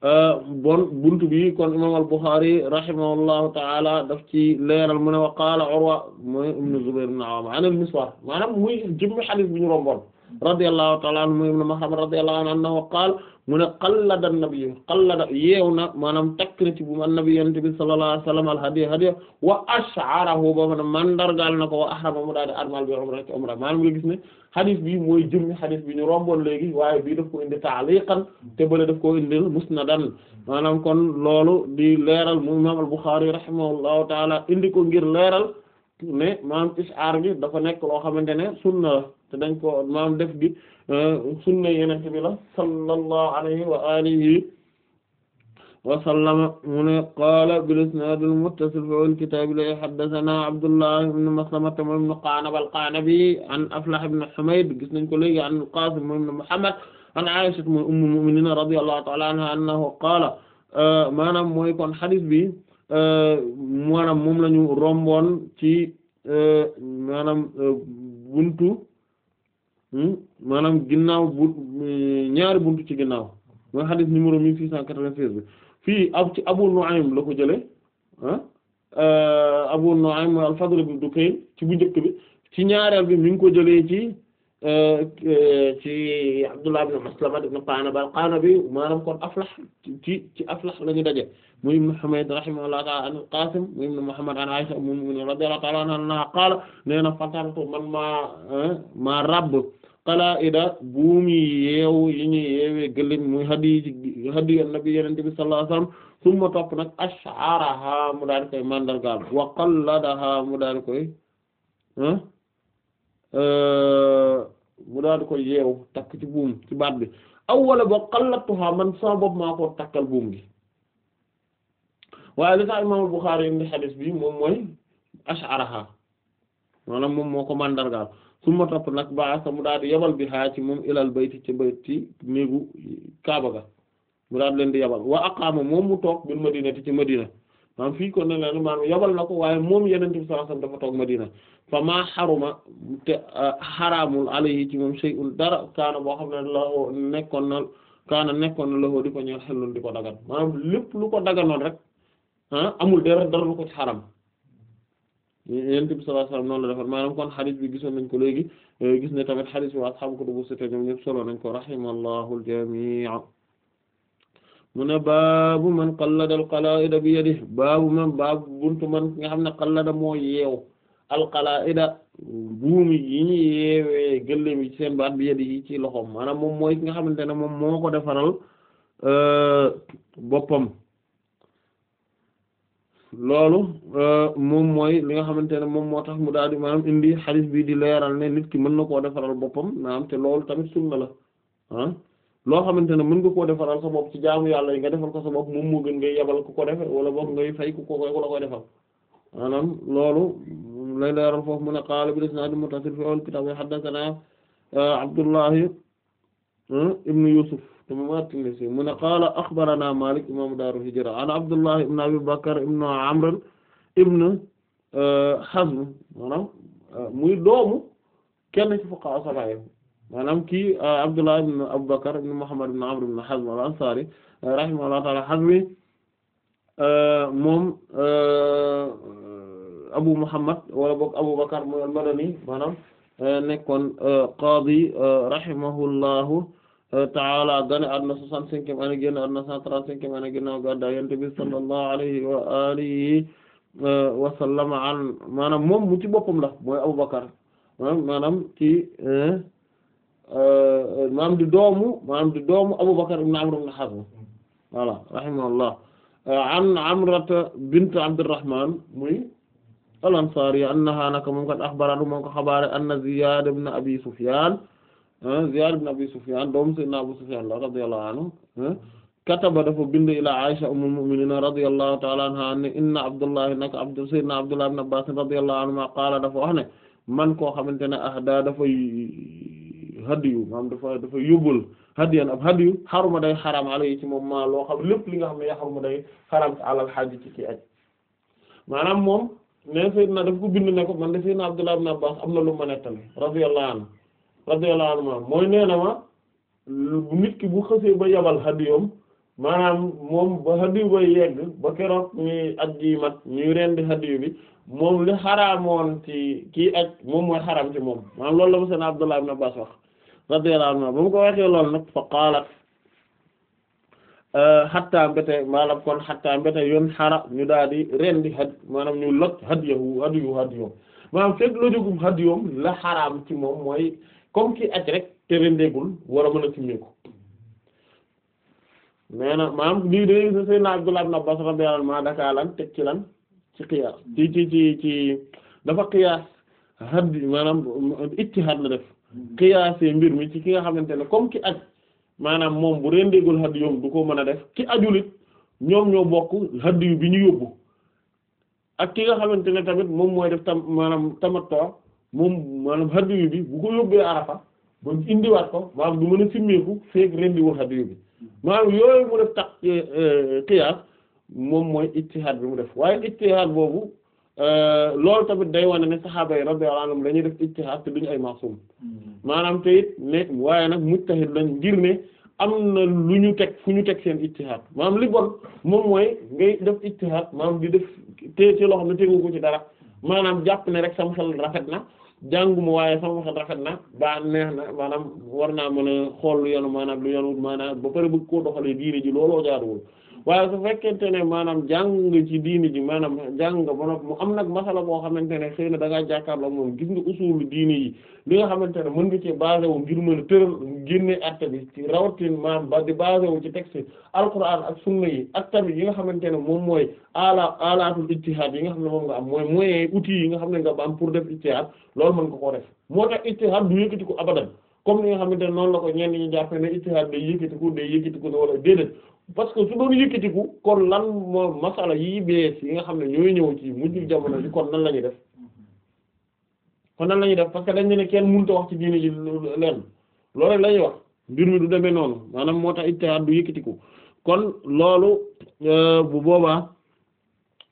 euh, bon buntu bi kon imam al Bukhari rahimahullahu taala daf ci leeral mu ne wa qaala Urwa mooy ibn Zubayr ibn Awam an al Miswar maanaam muy jëmmi xadiis bi ñu romboon radiyallahu ta'ala anhu ibn Mahram radiyallahu anhu annahu qaala mu ne qallada nabiyyu qallada yeew na maanaam takk na ci bu annabi yonent bi sallallahu alayhi wa sallam al hadiya hadiya wa ash'arahu ba man mandargaal na ko wa ahrama mu daal di armal bi umra ci umra maanaam nga gis ne hadith bi mooy jëmmi hadith bi ñu romboon léegi waaye bii daf ko indi ta'liqan te bële daf ko indil musnadan maanaam kon loolu di leeral mu imam al Bukhari rahimahullahu ta'ala indi ko ngir leeral ne maanaam ishaar bi dafa nekk loo xamante ne sunna la te dañ ko maanaam def bi euh, sunna yeneen bi la sallallahu alayhi wa alihi wa sallama mu ne qaala bil isnaad al muttasil fil kitaab la haddathanaa Abdullah ibn Maslama ibn Qa'nab al-Qa'nabi an Aflah ibn Humayd gis nañ ko léegi an al-Qaasim ibn Muhammad an Aisha ummul mu'miniin radiyallahu ta'ala anha annahu qaala euh, maanaam mooy kon hadith bi Euh, maanaam moom lañu romboon ci euh, maanaam euh, buntu hmm, maanaam ginnaaw bu ñaari buntu ci ginnaaw mooy xadis numéro mille six cent quatre-vingt-seize bi fii ab ci Abu Nu'aym la ko jële ah Abu Nu'aym al-Fadl ibn Dukayn ci bu njëkk bi ci ñaareel bi mi ko jëlee ci ci Abdullah ibn Maslama ibn Qa'nab al-Qa'nabi maanaam kon Aflah ci ci Aflah la ñu daje muy ibn Humayd rahimahullahu ta'ala an al-Qasim muy ibn Muhammad an Aisha ummul mu'minin radiyallahu ta'ala anha qaala nee na fatartu man maa maa rabb qalaa'ida buumi yeewu yi ñuy yeewee gëlin muy hadiyi hadiyu an-nabi yonent bi sallallahu alayhi wasallam summa topp nag ash'araha mu daal koy mandargaal wa qalladaha mu daal koy ah Euh, mu daal di koy yeew takk ci buum ci baat bi aw wala boo xallattuhaa man sama bopp maa ko takkal buum gi waaye li tax imaamul Buxaari indi xadis bi moom mooy ash'araha maanaam moom moo ko mandargaal su ma topp nag baa mu daal di yabal bi xaa ci moom ilal bayti ci bayt ci néegu kaaba ga mu daal leen di yabal wa aqaama moom mu toog bil madinati ci madina maanaam fii kon ne leen maanaam yabal na ko waaye moom yeneen bi sallallahu alayhi wasallam dafa toog Madina fa maa xaruma te xaraamul alayhi ci moom shay'un dara kaana boo xam ne la nekkoon na kaana nekkoon na la di ko ñeel xellul di ko dagan maanaam lépp lu ko daganoon rek ah amul dara dara lu ko ci xaram yenent bi sallallahu alayhi wasallam noonu la kon xadis bi gisoon nañ ko léegi eh, gis ne tamit xadis bi ashaabu kutubu sitta ñoom ñëpp solo nañ ko rahimallahu al-jamii' mu ne baabu man qallada al qalaida bi yadihi baabu man baabu buntu man nga xam ne qallada moo yeew al qalaida buumi yi ñu yeewee gëléem seen baat bi yadihi ci loxoom maanaam moom mooy ki nga xamante ne moom moo ko defaral euh, boppam loolu euh, moom mooy li nga xamante ne moom moo tax mu daal di maanaam indi hadith bi di leeral ne nit ki mën na koo defaral boppam maanaam te loolu tamit sunna la ah. loo xamante ne mën nga koo defaral sa bopp ci jaamu yàlla yi nga defal ko sa bopp moom moo gën ngay yebal ko defe wala boog ngay fay ku ko defal maanaam loolu lay leeral foofu mu ne qaala bil isnaad muttasil fi al kitaab haddathana uh, Abdullahi uh, ibn Yusuf at-Tinnisi mu ne qaala akhbarana Malik imaamu daaru hijra an Abdullahi ibn Abi ibn Amr ibn uh, Hazm muy doomu kenn ci fuqahaa sab'a maanaam kii euh, Abdullah ibn Abubakar ibn Muhammad ibn Amr ibn Hazm al-Ansari euh, rahimahullahu ta'ala Hazmi euh, moom Abu Muhammad wala boog Abubakar mooy al-Madani maanaam nekkoon qaadi rahimahullahu ta'ala gane àdduna 65e année génn àdduna 135e année ginnaaw gàddaay Yonent bi sallallahu alayhi wa alihi wa sallama an maanaam moom mu ci boppam la mooy Abubakar maanaam ci Euh, maam di doomu maam di doomu Abubakar ibn Amr ibn Hazm voilà rahimahullah euh, an Amrata bint Abdurrahman muy al-Ansariya annaha naka moom kat axbaratu moom ko xabaare anna Ziyad ibn Abi Sufyan Ziyad ibn Abi Sufyan doomu sayyidina Abu Sufyan la radiyallahu anhu kataba dafa bind ila Aisha ummul mu'minin radiyallahu ta'ala anha ne inna Abdullah naka Abdu sayyidina Abdullah ibn Abbas radiyallahu anhuma qaala dafa wax ne man koo xamante ne ahda dafay hadiyu maanaam dafa dafa yóbbal hadiyan ab hadiyu xaruma day xaraam ala yi ci moom maa loo xam lépp xam ne yaa xaruma day xaraam ci alal xaaji maanaam moom ne Seydina bind ne ko man de Seydina Abdullah ibn Abbas am na lu ma nettali radiyallahu anhu radiyallahu anhu mooy nee na ma nit ki bu xësee ba yabal hadiyom maanaam moom ba hadiyu ba yegg ba keroog ñuy aj gi mat ñuy rendi hadiyu bi moom li ci kii aj moom mooy xaraam ci moom maanaam loolu la ma Seydina Abdullah ibn Abbas wax radiyallahu anhu ba mu ko waxee loolu nag fa qaalat xatta euh, mbéte maanaam kon xatta mbéte yoon xara ñu daal di rendi had maanaam ñu lot hadiyahu hadiyu hadiyu maanaam fekk lojugum hadiyum la xaraam ci moom mooy comme ki aj rek te rendeegul war a mën a simmeeku nee na maanaam Abdullah ibn Abbas radiyallahu anhu ma dakaa lan teg ci lan ci qiyaas ci ci ci ci dafa qiyaas hadi maanaam ittihaad la def xiyaasee mbir mi ci ki nga xamante ne comme ki aj maanaam moom bu rendéegul xadd yoom du ko mën a def ki ajulit ñoom ñoo bokk xadd yu bi ñu yóbbu ak ki nga xamante ne tamit moom mooy def tam maanaam tamatto moom maanaam xadd yu bi bu ko yóbbee arafa ba indiwaat ko maanaam du mën a simmeeku feek rendiwul xadd yu bi maanaam yooyu mu def tax xiyaas eh, eh, moom mooy ijtihaad bi mu def waaye ijtihaad boobu Euh, loolu tamit day wane ne saxaaba yi radiyallahu anhum dañuy def ijtihaad te ñu ay maasum hmm. maanaam te ne waaye nag mujtahid lañ ngir ne am na lu ñu teg fu ñu teg seen ijtihaad maanaam li bon moom mooy ngay def ijtihaad maanaam di def te ci loo xam ne tegu ko dara maanaam jàpp ne rek sama xel rafet na jànguma waaye sama xel rafet na ba neex na maanaam war naa mën a xool lu yanu maanaam lu yanu maanaam ba pare bëgg koo doxalee diine ji looloo jaaruwul waaye su fekkente ne maanaam jàng ci diini ji maanaam jàng nga ba mu am nag masala boo xamante ne xëy na da ngaa moom gis nga usulu diini yi li nga xamante ne mën nga cee basé wu ngir mën a tëral génne atte bi ci rawatin maanaam ba di basé wu ci texte alquran ak sunna yi ak tamit yi nga xamante ne moom mooy ala alaatul ijtihaad yi nga xam ne moom am mooy moyen outils yi nga xam ne nga ba am pour def ijtihaad loolu mën ko koo def moo tax ijtihaad du yëkkati ko abadan comme ni nga xamante ne noonu la ko ñenn ñi jàppe ne ijtihaad day yëkkatiku day yëkkatiku ne wala déedéet parce que su doon yëkkatiku kon lan moo yi bees yi nga xam ne ñooy ñëw ci mujj jamono ji kon nan la def kon nan la ñuy def parce que dañ ne kenn mënut a wax ci diine ji leen loolu la ñuy wax mbir mi du demee noonu maanaam moo tax ijtihaad du yëkkatiku kon loolu euh, bu boobaa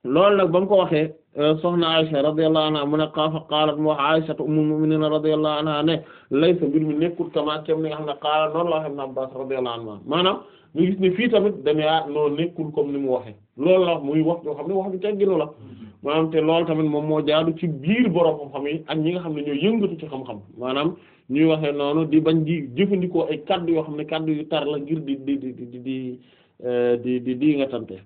loolu nag ba mu ko waxee euh, soxna Aisha radiyallahu anha mu ne qaafa qaalat mu wax Aisha ummul mu'minin radiyallahu anha ne laysa mbir mi nekkul kama kem ni nga xam ne qaala noonu la wax Ibn Abbas radiyallahu anhu maanaam ñu gis ne fii tamit dañaa noo ah, nekkul comme ni mu waxee lool la muy wax yoo xam ne wax bi tegginu la maanaam loolu tamit moom moo jaadu ci biir borom xam-xam yi ak ñi nga xam ne ñoo yëngatu ci xam-xam maanaam ñuy waxee noonu di bañ di jëfandikoo ay kaddu yoo xam ne kaddu yu tar la ngir di di di di di di euh, di nga tante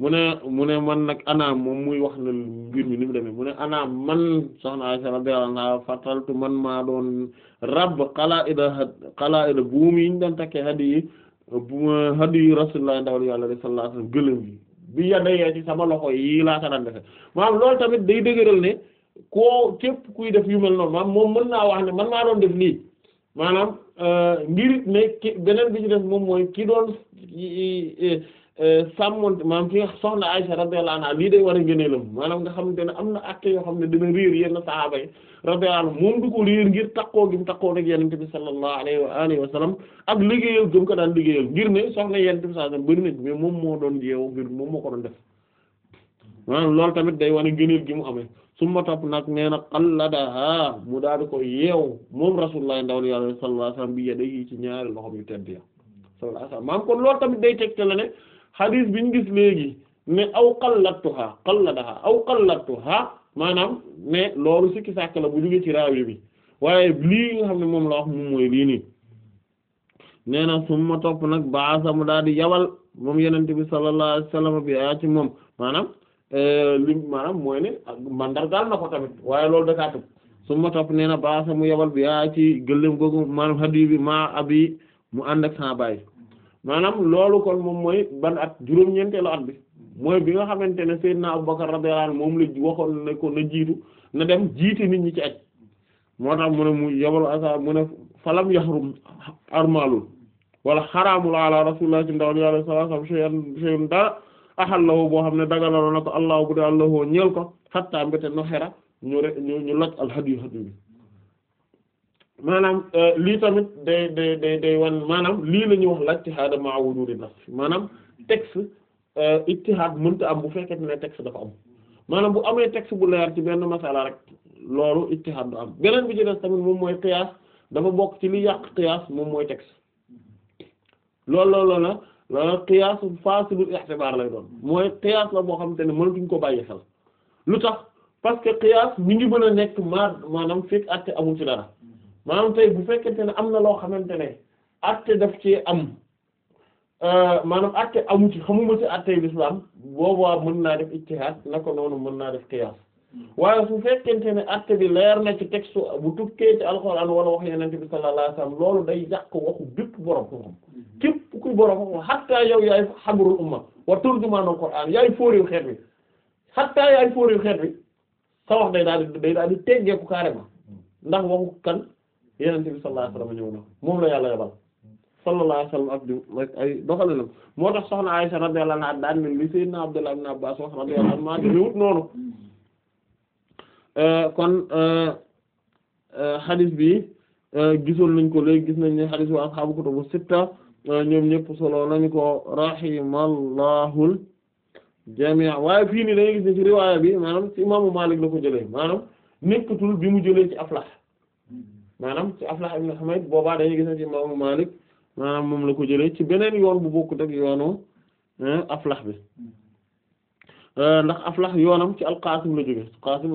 mu ne mu ne man nag ana moom muy wax na mbir mi ni mu mu ne ana man soxna Aysa radiyallahu anha fataltu man maa doon rabb qalaa'ida qalaa'ida buum yi ñu doon takkee hadiyi hadiyi rasulullah ndawal yàlla sallallahu alayhi wasallam gëlëm yi bi yadayee ci sama loxo yi laa ko daan defe maanaam tamit day dëgëral ne koo képp kuy def yu mel noonu maanaam moom mën naa wax ne man maa doon def lii maanaam euh, ngir ne beneen bi moom mooy ki doon Euh, sàmmont maanaam fi soxna Aysa radiyallahu anha lii day war a ngëneelam maanaam nga xamante ne am na acte yoo xam ne dina réer yenn sahaaba yi radiyallahu anhu moom du ko ngir takkoo gi mu takkoo rek yenente bi sallallahu alayhi wa alihi ak liggéeyal gëm ko daan liggéeyal ngir ne soxna yenente bi sallallahu bëri nañ moom moo doon yeewu ngir moom moo ko doon def maanaam loolu tamit day war a ngëneel gi mu amee su ma topp nag nee na qalladaha mu daal ko yeewu moom rasulullah ndawal yàlla sallallahu alayhi wa bi ci ñaari loxom yu tedd ya sallallahu kon loolu tamit day tegte la ne xadis bi ñu gis léegi ne aw qallattuha qalladaha aw qallattuha maanaam ne loolu sikki sàkk la bu jóge ci raawi bi waaye lii nga xam ne moom la wax moom mooy lii nii nee na summa topp nag baasa mu daal di yabal moom yenente bi sallallahu alayhi wasallam bi yaa ci moom maanaam eh, li maanaam mooy ne mandargaal na ko tamit waaye loolu dakaatub summa topp nee na baasa mu yabal bi yaa ci gëllem googu maanaam hadiyu bi abi mu ànd ak baay maanaam loolu kon moom mooy ban at juróom-ñeenteelu at bi mooy bi nga xamante ne Seydina Abubakar radiyallahu anhu moom la waxoon ne na jiitu na dem jiiti nit ñi ci aj moo tax mu ne mu a asa mu ne falam yaxrum armalul wala xaraamul ala rasulullah ci ndawal yàlla sallallahu alayhi boo xam ne dagalaloon na ko allahu bu dee allahu ñeel ko xattaa mbete no xera ñu re ñu ñu maanaam euh, lii tamit day day day wan maanaam lii la ñuy wax la ijtihaad ma wujudi nas maanaam texte euh, ijtihaad mënta am bu fekkee ne texte dafa am maanaam bu amee texte bu leer ci benn masala rek loolu ijtihaad du am beneen bi ci des tamit moom mooy qiyaas dafa bokk ci li yàq qiyaas moom mooy texte loolu loolu la loolu qiyaas fasidul i'tibaar lay doon mooy qiyaas la boo xamante ne mënatuñ ko bàyyi xel lu tax parce que qiyaas mi ngi mën a nekk maar maanaam fekk amul ci dara. maanaam tey bu fekkente ne am na loo xamante ne atte daf ci am euh, maanaam atte amu ci xamuma ci atte l'islam boobaa mën naa def ijtihaad naka noonu mën naa def qiyaas waaye su fekkente ne atte bi leer na ci texte bu tukkee ci alxuraan wala wax yenente bi sallallahu alayhi wasallam loolu day yàq waxu bépp borom ko xam képp kuy borom ko xam xattaa yow yaay xabrul umma wa turjumaanul qur'aan yaay fóoriw xeet bi xattaa yaay fóoriw xeet bi sa wax day daal day daal di teggeeku carrément ndax waxu yonent bi sallallahu alayhi wasallam ñëw na moom la yàlla yabal sallallahu alayhi wasallam ak di ay doxalinam moo tax soxna Aysa radiyallahu anha daan ne li sayyidina Abdullah ibn Abbas wax radiyallahu anhu maa ngi wut noonu euh, kon xadis euh, euh, bi gisoon nañ ko léegi gis nañ ne xadis wa ashaabu kutubu sitta ñoom ñëpp solo nañu ko rahimallahul jami' waaye fii nii dañuy gis ne ci riwaaya bi maanaam ci imaamu Maalik la ko jëlee maanaam nekkatul bi mu jëlee ci Aflah maanaam ci Aflah ibn Humayd boobaa dañuy gis ne ci imaamu Maalik maanaam moom la ko jëlee ci beneen yoon bu bokkut ak yoonu Aflah bi euh, ndax Aflah yoonam ci al-Qaasim la jóge Qaasim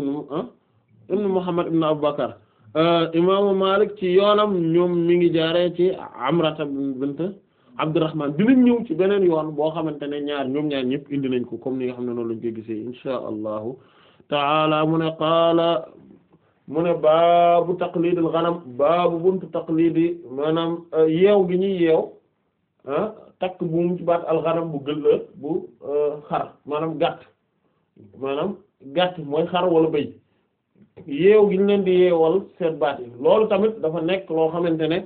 ibn Muhammad ibn Abu Bakr euh, imaamu Maalik ci yoonam ñoom mi ngi jaaree ci Amrata bint Abdurrahman dinañ ñëw ci beneen yoon boo xamante ne ñaar ñoom ñaar ñëpp indi nañ ko comme ni nga xam ne noonu lañ koy gisee insha taala mu ne qaala mu ne baabu taqlidil ghanam baabu buntu di maanaam euh, yeew gi ñuy yeew ah, takk buum ci baat al ghanam bu gëlla euh, bu euh, xar maanaam gàtt maanaam gàtt mooy xar wala bëy yeew gi ñu leen di yeewal seen baat yi loolu tamit dafa nekk loo xamante ne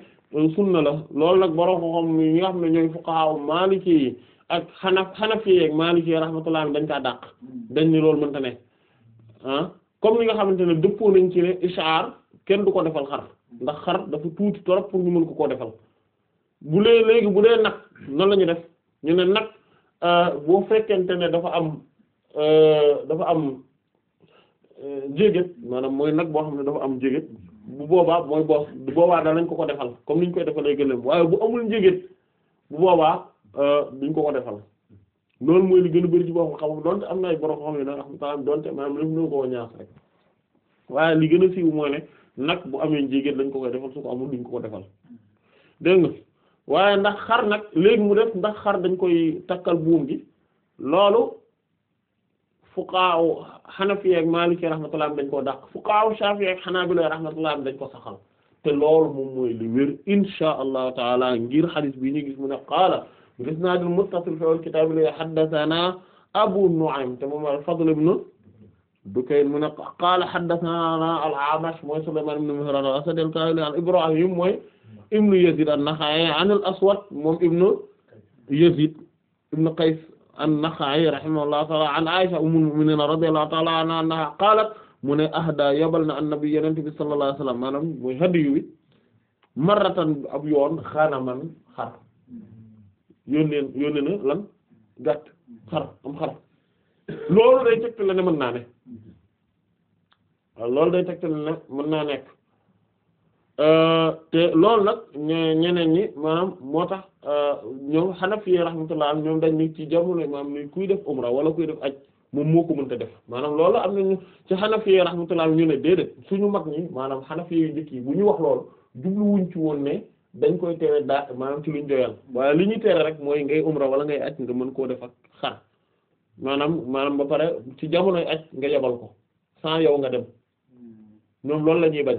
sunna la loolu nag borom ko xam ñi nga xam ne ñooy fuqaha maliki yi ak xanaf xanafi yi ak maliki yi dañ kaa dàq hmm. dañ ni loolu mënta ne ah. comme li nga xamante ne dëppoo nañ ci ne ishaar kenn du ko defal xar ndax xar dafa tuuti torop pour ñu mën ko koo defal bu lee léegi bu dee nag nan la ñu def ñu ne nag euh, boo fekkente ne dafa am euh, dafa am euh, jéegét maanaam mooy nag boo xam ne dafa am jéegét bu boobaa mooy boo bu boobaa danañ ko ko defal comme ni ñu koy defalee gëléem waaye bu amul njégét bu boobaa duñ ko ko defal loolu mooy li nu a bëri ci boppam xam am na ay borom xam ne nag rahmatullah donte maanaam ko ñaas rek waaye li gën a siiw mooy ne nag bu amee njégéen lañ ko koy defal su ko amul duñ ko ko defal dégg ndax xar nag léegi mu def ndax xar dañ koy takkal buum gi loolu fuqaaw xanafi ak maliki rahmatullah dañ ko dàq fuqaaw shafi ak xanaabila rahmatullah dañ ko saxal te loolu moom mooy li wér insha allahu taala ngir xadis bi ñu gis mu ne qaala bi isnaadil muttasil fil kitaabi li haddasanaa Abu Nu'aym te moom al-Fadl ibn Dukayn mu ne qaala haddasanaa al-A'mash mooy Sulaymaan ibn Mihraan al-Asadi al-Kaahili an Ibraahiim mooy ibn Yaziid an-Nakha'i an al-Aswad moom ibn Yaziid ibn Qays an-Nakha'i rahimahullahu ta'aala an Aisha ummul mu'miniin radiyallahu ta'aala anhaa qaalat mu ne ahda yabal na annabi yonent bi sallallahu alayhi wa sallam maanaam mooy hadiyu bi marratan ab yoon xanaman xar yónnee yónnee na lan gàtt xar am xar loolu day tegtale ne mën naa ne loolu day tegtale ne mën naa nekk euh, te loolu nag ñeneen ñi maanaam moo tax euh, ñoom Hanafi rahmatullah ñoom dañ ni ci jamono maanaam ni kuy def umra wala kuy def aj moom moo ko mënta def maanaam loolu am na nañu ci Hanafi rahmatullah ñu ne déedéet suñu mag ñi maanaam Hanafi yu njëkk yi bu ñu wax loolu wuñ ci woon ne dañ koy tere daa maanaam ci luñ joyal waaye li ñuy tere rek mooy ngay umra wala ngay aj nga mën koo def ak maanaam maanaam ba pare ci jamonoy aj nga yabal ko sans yow nga dem ñoom loolu la ñuy bañ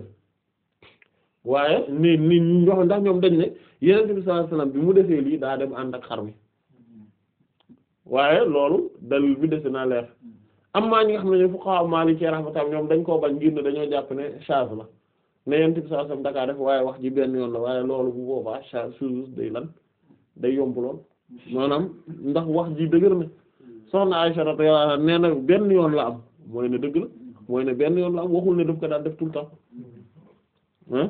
waaye ni ni ñoo ndax ñoom dañ ne yeneen bi sallallahu alayhi bi mu defee lii daa dem ànd ak xar mi waaye loolu dalil bi dese naa leer am maa ñi nga xam ne ñu fuqaha Maliki rahmatullah ñoom dañ koo bañ ngir ne dañoo jàpp ne charge la ne yonent bi sallallahu alayhi wasallam dakaa def waaye wax ji benn yoon la waaye loolu bu boobaa sa suus day lan day yomb lool maanaam ndax wax ji dëgër na soxna Aysa radiyallahu anha nee na benn yoon la am mooy ne dëgg la mooy ne benn yoon la am waxul ne daf ko daan def tout le temps ah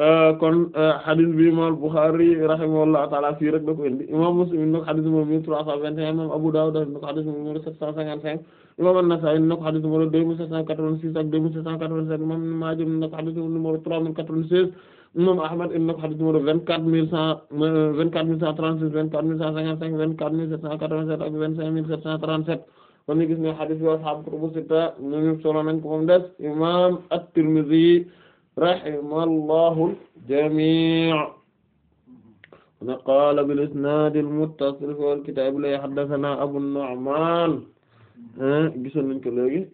Euh, kon euh, hadis bi imam Bukhari rahimahullahu taala fii rek da ko indi imam Muslim indi na ko hadis numéro mille trois cent vingt et un imam Abu Dawud indi na ko hadis numéro sept cent cinquante cinq imam An-Nasa'i indi na ko hadis numéro deux mille sept cent quatre-vingt-six ak deux mille sept cent quatre-vingt-sept imam Ibn Maaja indi na ko hadis numéro trois mille quatre-vingt-seize imam Ahmad indi na ko hadis numéro vingt-quatre mille cent euh, vingt-quatre mille cent trente-six vingt-quatre mille cent cinquante-cinq vingt-quatre mille sept cent quatre-vingt-sept ak vingt-cinq mille sept cent trente-sept kon ñu gis ne hadis bi ashaabu kutubu sitta ñu solo nañ ko moom des imam At-Tirmidhi rahimallahu al-jamii' na qaala bil isnaad al-muttasil fil kitaab la haddathanaa Abu Nu'maan gisoon nañ ko léegi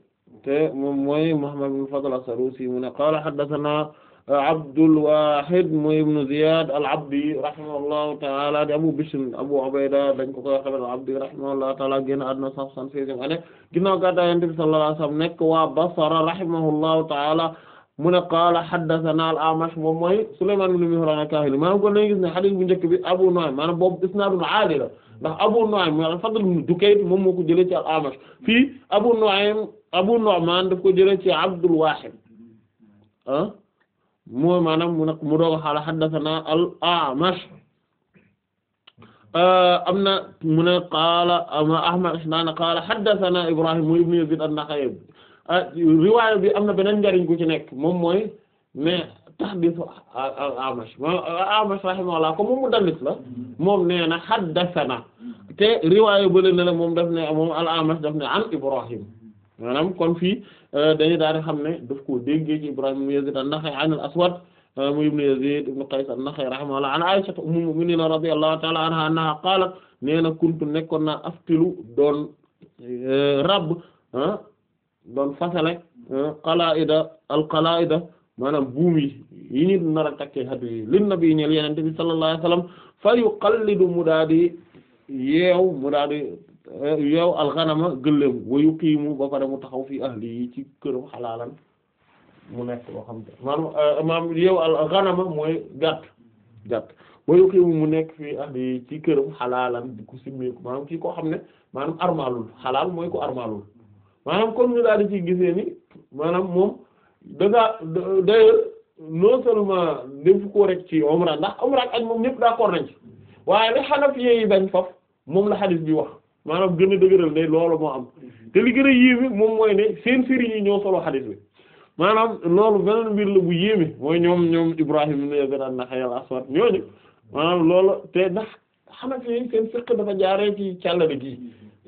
te moom mooy Muhammad ibn Fadl as-Sadusi mu ne qaala haddathanaa Abdul Waahid mooy ibn Ziyaad al-Abdi rahimahullahu ta'aala di Abu Bishr Abu Ubayda dañ ko koy xamal al-Abdi rahimahullahu ta'aala génn àdduna 176e année ginnaaw gàddaay Yonent bi sallallahu alayhi wa sallam nekk waa Basra rahimahullahu ta'aala mu ne qaala haddathana al-Amash moom mooy Sulaymaan ibn Mihraan al-Kaahili maanaam kon dañuy gis ne hadith bu njëkk bi Abu Nu'aym maanaam boobu isnaadul aali la ndax Abu Nu'aym mooy al-Fadl ibn Dukayn moom moo ko jëlee ci al-Amash fii Abu Nu'aym Abu Nu'maan daf ko jëlee ci Abdul Waahid ah mooy maanaam mu ne mu doog a xaala haddathana al-Amash ah, am na mu ne qaala ama Ahmad isnaan qaala haddathana Ibraahiim mooy ibn Yaziid an-Naxa'i Ah, riwaaya bi am na beneen njariñ gu ci nekk moom mooy mais tahdiisu Amash Amash rahimahullah ko moom mu dallis la moom nee na haddasana te riwaaya bële ne la moom daf ne moom al Amash daf ne an Ibrahim maanaam kon fii euh, dañu daal di xam ne daf koo déggee ci Ibrahim ibn Yazid an-Nakha'i an al-Aswad euh, mu ibn Yazid ibn Qays an-Nakha'i rahimahullah an Aisha ummul mu'minin radiyallahu ta'ala anha annaha qaalat nee na kuntu nekkoon naa aftilu doon euh, rabb ah, doon fasale euh, qalaida al qalaida maanaam buum yi yi ñu nar a takkee hadiyu yi lin nabi ñeel yenente bi sallallahu alayhi wasallam fa yuqallidu mu daa di yeew mu daa di euh, yeew alxanama gëléem wa yuqiimu ba pare mu taxaw fi ahli yi ci këru xalaalan mu nekk loo xam te euh, maam yeew alxanama mooy gàtt gàtt wa yuqiimu mu nekk fi ahli yi ci këram xalaalan di ko simmeeku maanaam kii koo xam ne maanaam armaalul xalaal mooy ko armaalul maanaam comme ñu daal di ci gisee nii maanaam moom dangaa d'ailleurs non seulement def ko rek ci umra ndax umra ak moom ñëpp d'accord nañ ci waaye li Hanafi yi bañ faf moom la hadith bi wax maanaam gën a dëgëral ne loolu moo am te li gën a yéeme moom mooy ne seen sëriñ yi solo hadith bi maanaam loolu beneen mbir la bu yéeme mooy ñoom ñoom Ibrahim ibn Yazid al-Aswad ñooñu maanaam loolu te ndax Hanafi yi seen fiqh dafa jaaree ci càllale gi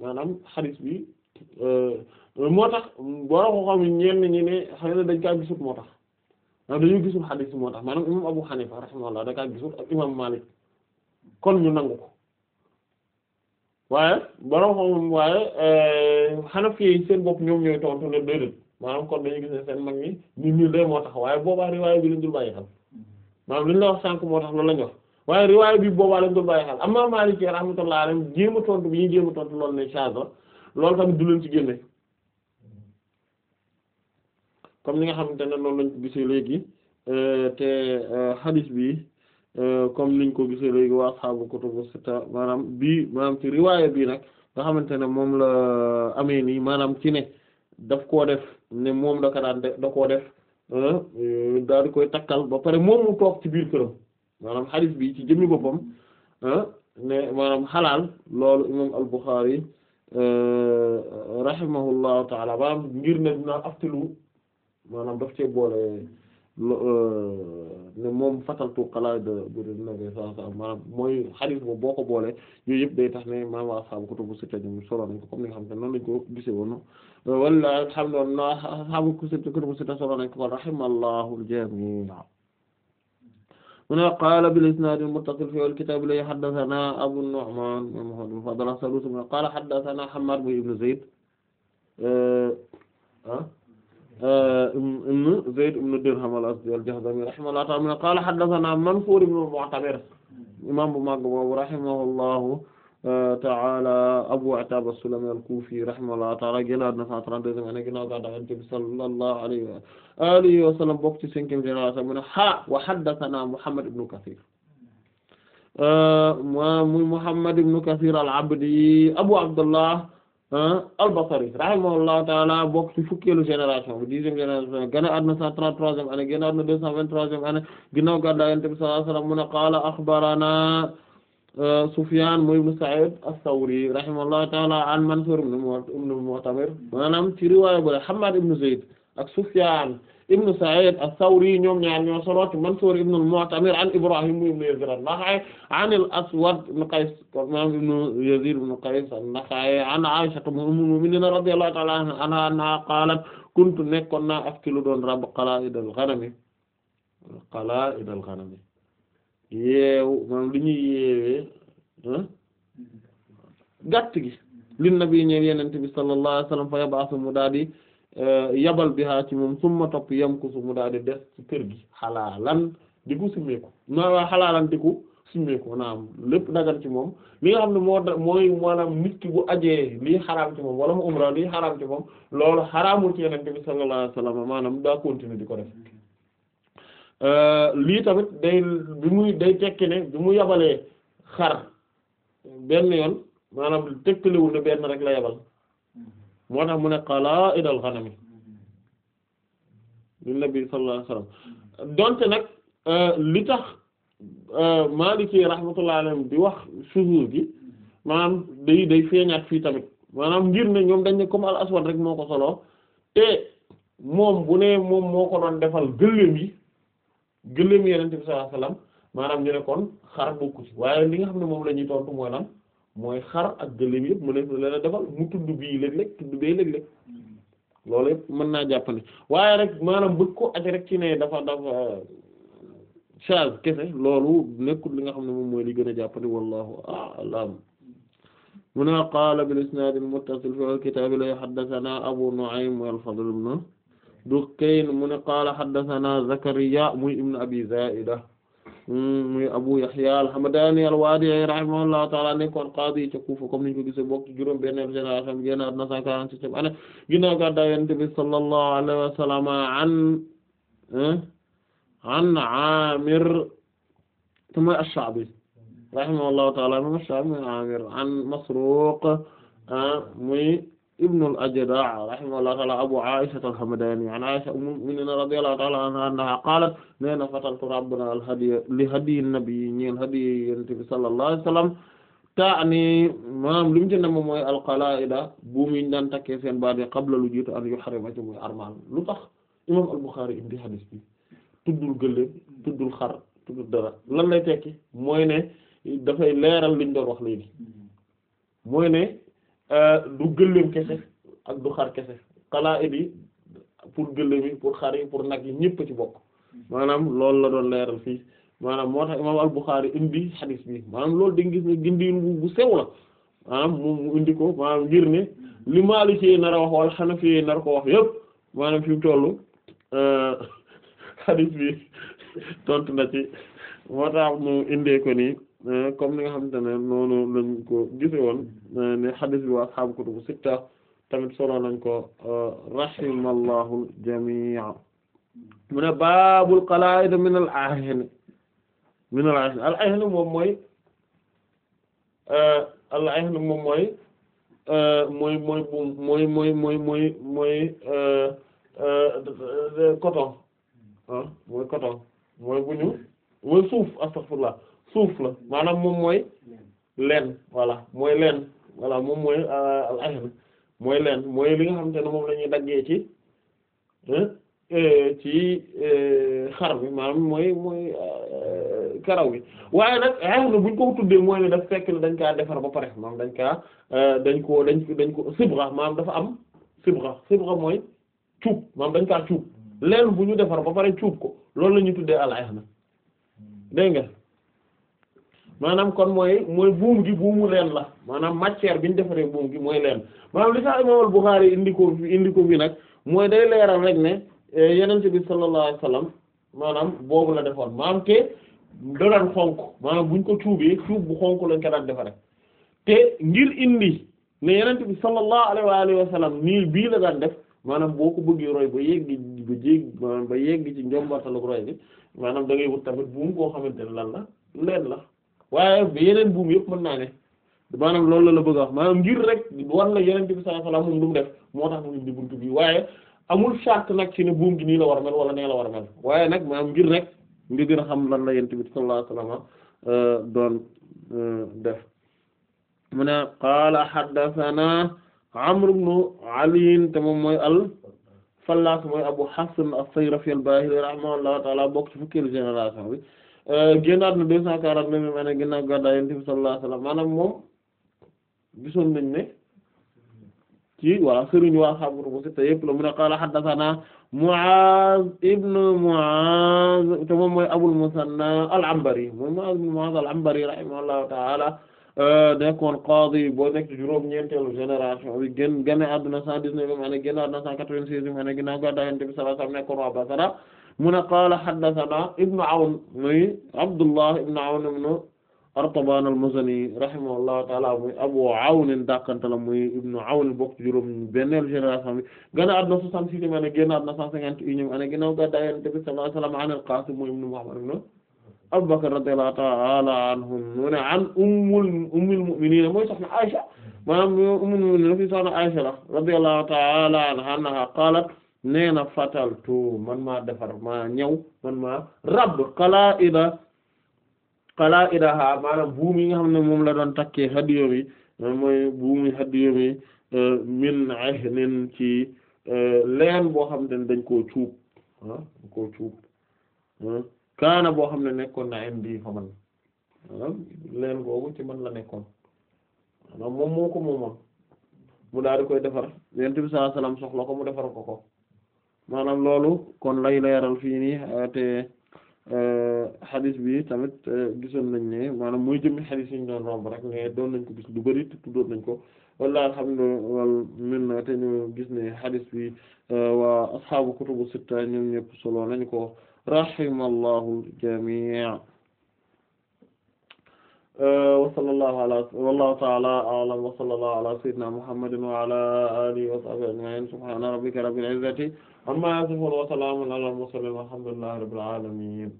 maanaam xadis bi euh, moo tax boo ko xam ñenn ñi ne xëy na dañ kaa gisut moo tax ndax dañoo gisul xadis bi moo tax maanaam imam Abu Hanifa rahimahullah da kaa gisut ak imam Malik kon ñu nangu ko waaye euh, seen bopp ñoom ñooy tontu ne déedéet maanaam kon dañuy gis moo tax boobaa riwaaya bi lañ dul bàyyi xam maanaam li ñu la wax sànq moo tax loolu lañ wax waaye riwaay bi boobaa lañ doon bàyyi xel amma Maliki rahmatullahi alayhi jéem a tontu bi ñuy jéem a tontu loolu ne charge la loolu tamit du leen ci génne comme ni nga xamante ne noonu lañ ko gisee léegi euh, te euh, hadith bi euh, comme niñ ko gisee léegi waa ashaabu kutubu sitta maanaam bii maanaam ci riwaay bii nag nga xamante ne moom la amee nii maanaam ci ne daf koo def ne moom da ko daan da koo def daal koy takkal ba pare moom mu toog ci biir këram. maanaam hadith bi ci jëmmi boppam ah, ne maanaam xalaal loolu imam al-Bukhari euh, rahimahullahu taala maanaam ngir ne dina aftilu maanaam daf cee boole euh, ne moom fataltu xalaat bu dee nabi sallallahu alayhi wasallam maanaam mooy hadith boobu boo ko boole yooyu yëpp day tax ne maam ashaabu kutubu sitta ñu solo nañ ko comme ni nga xam te noonu lañ ko gisee woon wala alhamdulillah ashaabu kutubu sitta solo nañ ko kon rahimallahu al-jami'a mune qaala bil isnaadil muttasil fil kitaabi li haddasanaa Abu Nu'maan Muhammad ibn Fadl as-Saduusi mu ne qaala haddasanaa Hammaad ibn Zayd ibn Zayd ibn Dirham al-Azdi al-Jahdami rahimahullahu ta'aala mu ne qaala haddasanaa Mansuur ibn al-Mu'tamir imaam bu mag boobu rahimahullahu Euh, ta'ala Abu Attab as-Sulami al-Kufi rahimahullahu ta'ala génnaat na 132 an ginnaaw gàddaay Yonent bi sallallahu alayhi wa alihi wa sallam bokk ci cinquième génération mu ne ha wa haddathana Muhammad ibn Kathir ma euh, muy Muhammad ibn Kathir al-Abdi Abu Abdullah al-Basri rahimahullahu ta'ala bokk ci fukkeelu génération bi dixième génération génnaat na 133e année génnaat na 223e année ginnaaw gàddaay Yonent bi sallallahu alayhi wa sallam mu ne qaala akhbarana Sufyan mooy ibn Sa'id as-Sawri rahimahullahu ta'ala an Mansur ibn Mu'tamir maanaam ci riwaaya bu Hammad ibn Zayd ak Sufyan ibn Sa'id as-Sawri ñoom ñaar ñoo solo ci Mansur ibn al-Mu'tamir an Ibrahim ibn Yazid an-Nakha'i an al-Aswad ibn Qays maanaam ibn Yazid ibn Qays an-Nakha'i an Aisha ummul mu'minin radiyallahu ta'ala anha annaha qalat kuntu nekkoon naa afkilu doon rabb qala'id al-ghanam qala'id al-ghanam yeewu maanaam li ñuy yeewee ah, gàtt gi lin nabi ñeen yenente bi sallallahu alayhi wasallam fa yabaasu mu daal di eh, yabal bi haa ci moom summa topp yam ko su mu daal di des ci kër gi xalaalan di ko simmeeku ma waa xalaalan di ko simmeeku lépp dagan ci moom li nga xam ne moo da mooy maanaam nit ki bu ajee lii xaraam ci moom wala mu umra lii xaraam ci moom loolu xaraamul ci yenente bi sallallahu alayhi wasallam maanaam daa continuer di ko def Euh, lii tamit day bi muy day tekki ne bi mu yabalee xar benn yoon maanaam tëkkaliwul ne benn rek la yabal moo tax mu ne qala'idal ghanam li nabi sallallahu alayhi wasallam donte nag euh, li tax euh, Maliki rahmatullahi alayhi di wax suhuur gi maanaam day day feeñaat fii tamit maanaam ngir ne ñoom dañ ne comme al aswad rek moo ko soloo te moom bu ne moom moo ko doon defal gëléem yi gëléem yenente bi sallallahu alayhi wasallam maanaam ñu ne kon xar bokku ci waaye li nga xam ne moom la ñuy tontu mooy lan mooy xar ak gëléem yëpp mu ne leen a mu tudd bii léeg-léeg tudd bee léeg-léeg mën naa jàppandi waaye rek maanaam bëgg ko aj rek ci ne dafa dafa charge kese loolu nekkul li nga xam ne moom mooy li gën a jàppandi wallahu a'lam mu ne qaala bil isnaad al muttasil fi a kitaab la haddathana abu nu'aym wal fadl ibn Dukayn mu ne qaala haddathana Zakariya muy ibn Abi Zaida mm, muy Abu Yahya al-Hamdani al-Wadi'i rahimahullahu ta'ala nekkoon qaadi ca Kufa comme niñ ko gisee bokk ci juróom benn génération bi génnaat na cent quarante-septième année ginnaaw gàddaay Yonent bi sallallahu alayhi wa sallam an eh, an Amir te mooy ash-Sha'bi rahimahullahu ta'ala moom ash-Sha'bi Amir an Masruq ah, muy ibnu al-Ajda' rahimahullahu ta'ala abu Aisha al-Hamdani an Aisha ummul mu'minin radiyallahu ta'ala anha annaha qalat nee na fataltu rabbana al-hadiya li hadiyi nabi ñeen hadiyi yonent bi sallallahu alayhi wa sallam taani maanaam li mu ci ne moom mooy al-qala'ida buum yi ñu daan takkee seen baat yi qabla lu jiitu an yuhrima ci muy armal lu tax imam al-Bukhari indi hadis bi tuddul gëléem tuddul xar tuddul dara lan lay tekki mooy ne dafay leeral liñ doon wax léegi mooy ne Euh, du gëléem kese ak du xar kese xalaa'id yi pour gëléem yi pour xar yi pour nag yi ñëpp ci bokk maanaam loolu la doon leeral fii maanaam moo tax bu al-Bukhari indi xadiis bi maanaam loolu dañ gis ne gindi bu sew la maanaam mu indi ko maanaam ngir ne li Maliki nar a wax wala Hanafi nar ko wax yëpp maanaam fi mu toll euh, [LAUGHS] bi [LAUGHS] tontu na ci moo tax mu indee ko nii Euh, comme li nga xamante ne noonu lañ ko gise woon euh, ne hadith bi wa ashaabu kutubu sitta tamit solo nañ ko euh, rahimallahu jami'a mu ne baabul qalaa'id min al aahin min al aahin al aahin moom mooy al aahin mooy mooy mooy mooy coton ah coton mooy bu ñu mooy suuf astaghfirullah suuf la maanaam moom mooy leen voilà mooy leen voilà moom mooy euh, al [LAUGHS] ahn mooy leen mooy li nga xamante ne moom lañuy ñuy daggee ci euh, ci euh, xar bi maanaam mooy mooy karaw gi waaye nag ahn buñ ko tuddee mooy ne daf fekk ne dañ kaa defar ba pare maanaam dañ kaa dañ ko dañ dañ ko sibra maanaam dafa am sibra sibra mooy cuub maanaam dañ kaa cuub leen bu ñu defar ba pare cuub ko loolu la ñuy tuddee al ahn dégg nga maanaam kon mooy mooy buum gi buumu leen la maanaam matière bi ñu defaree buum gi mooy leen maanaam li tax imaam al-Bukhârî indi ko fi nag mooy day leeral rek ne eh, yenente bi sallallahu alayhi wasallam maanaam boobu la defoon maanaam da daan xonk maanaam buñ ko cuubee cuub bu xonq lañ ko daan defaree te ngir indi ne yenente bi sallallahu alayhi wa sallam nii bii la daan def maanaam boo ko bëggee roy ba yeggi ba jéeg maanaam ba yeggi ci njombartalu roy bi maanaam da ngay wut tamit buum koo xamante ne lan la leen la waaye yeneen buum yëpp mën naa ne maanaam loolu la la bëgg a wax maanaam ngir rek wan la yeneen bi sallallahu alayhi wasallam moom lu moo tax mu indi buntu bi waaye amul charte nag ci ne buum gi nii la war a mel wala nee la war a waaye nag maanaam ngir rek nga gën a xam lan la yeneen bi sallallahu alayhi wasallam euh, doon euh, def mu ne qaala haddathana Amr ibn Ali te moom mooy al Fallaas mooy Abu Hasan as-Sayrafi al-Bahili rahimahullahu ta'ala bokk ci fukkeelu génération bi Euh, génnaat na deux cent quarante neuf yim année ginnaaw gàddaay yonent bi sallallahu alayhi wasallam maanaam moom gisoon nañ ne ci voilà sëriñ waa xabru bu sitta yëpp la mu ne qaala haddathana Mu'az ibn Mu'az te moom mooy Abul Musanna al-Anbari mooy Mu'az ibn Mu'az al-Anbari rahimahullahu ta'ala euh, nekkoon qaadi boo nekk juróom-ñeenteelu génération bi gën gane àdduna cent dix-neuf yim année génnaat na cent quatre-vingt-seize yim année ginnaaw gàddaay yonent bi sallallahu alayhi wasallam nekkoon waa Basra mu ne qaala haddathana ibnu Awn muy Abdullah ibnu Awn ibnu Artabaan al-Muzani rahimahullahu ta'ala muy Abu Awn dàkkantala muy ibnu Awn bokk juróom benneelu génération bi gannaaw àdduna 66 ma ne génnaaw àdduna 151 ane ginnaaw gàddaay Yonent bi sallallahu alayhi wa sallam an al-Qaasim muy ibnu Muhammad ibnu Abu Bakr radiyallahu ta'ala anhum mu ne an ummul ummul mu'miniin mooy soxna Aysa maanaam ummul mu'miniin fi soxna Aysa la radiyallahu ta'ala anha qaalat nee na fataltu man maa defar ma ñëw man maa rabb qala'ida qala'ida maanaam buum yi nga xam ne moom la doon takkee hadiyo yi mooy buumi hadiyo yi euh, ci euh, leen boo xam ne dañ koo cuub ah dañ koo ah, kaana boo xam ne nekkoon na indi fa man ah, leen boobu ci man la nekkoon moom moo ko moomoon mu daal defar yonent bi sallallahu soxla ko mu defar ko ko maanaam loolu kon lay leeral fii nii ah, te ah, xadis bi tamit ah, gisoon nañ ne maanaam mooy jëmmi xadis yi ñu doon romb rek mais doon nañ ko gis lu bari te tuddoon nañ ko walla alhamdulillah wal min na te ñu gis ne xadis bi waa asxaabu kutubu sitta ñoom ñëpp solo nañ ko rahimallahu jamii wa sallallahu ta'ala a'lam wa sallallahu ala sayyidina muhammadin wa ala alihi wa sahbihi ajma'in subhana rabbika rabbil izzati amma yasifun wa salaamun alal mursalin walhamdulillahi rabbil alamin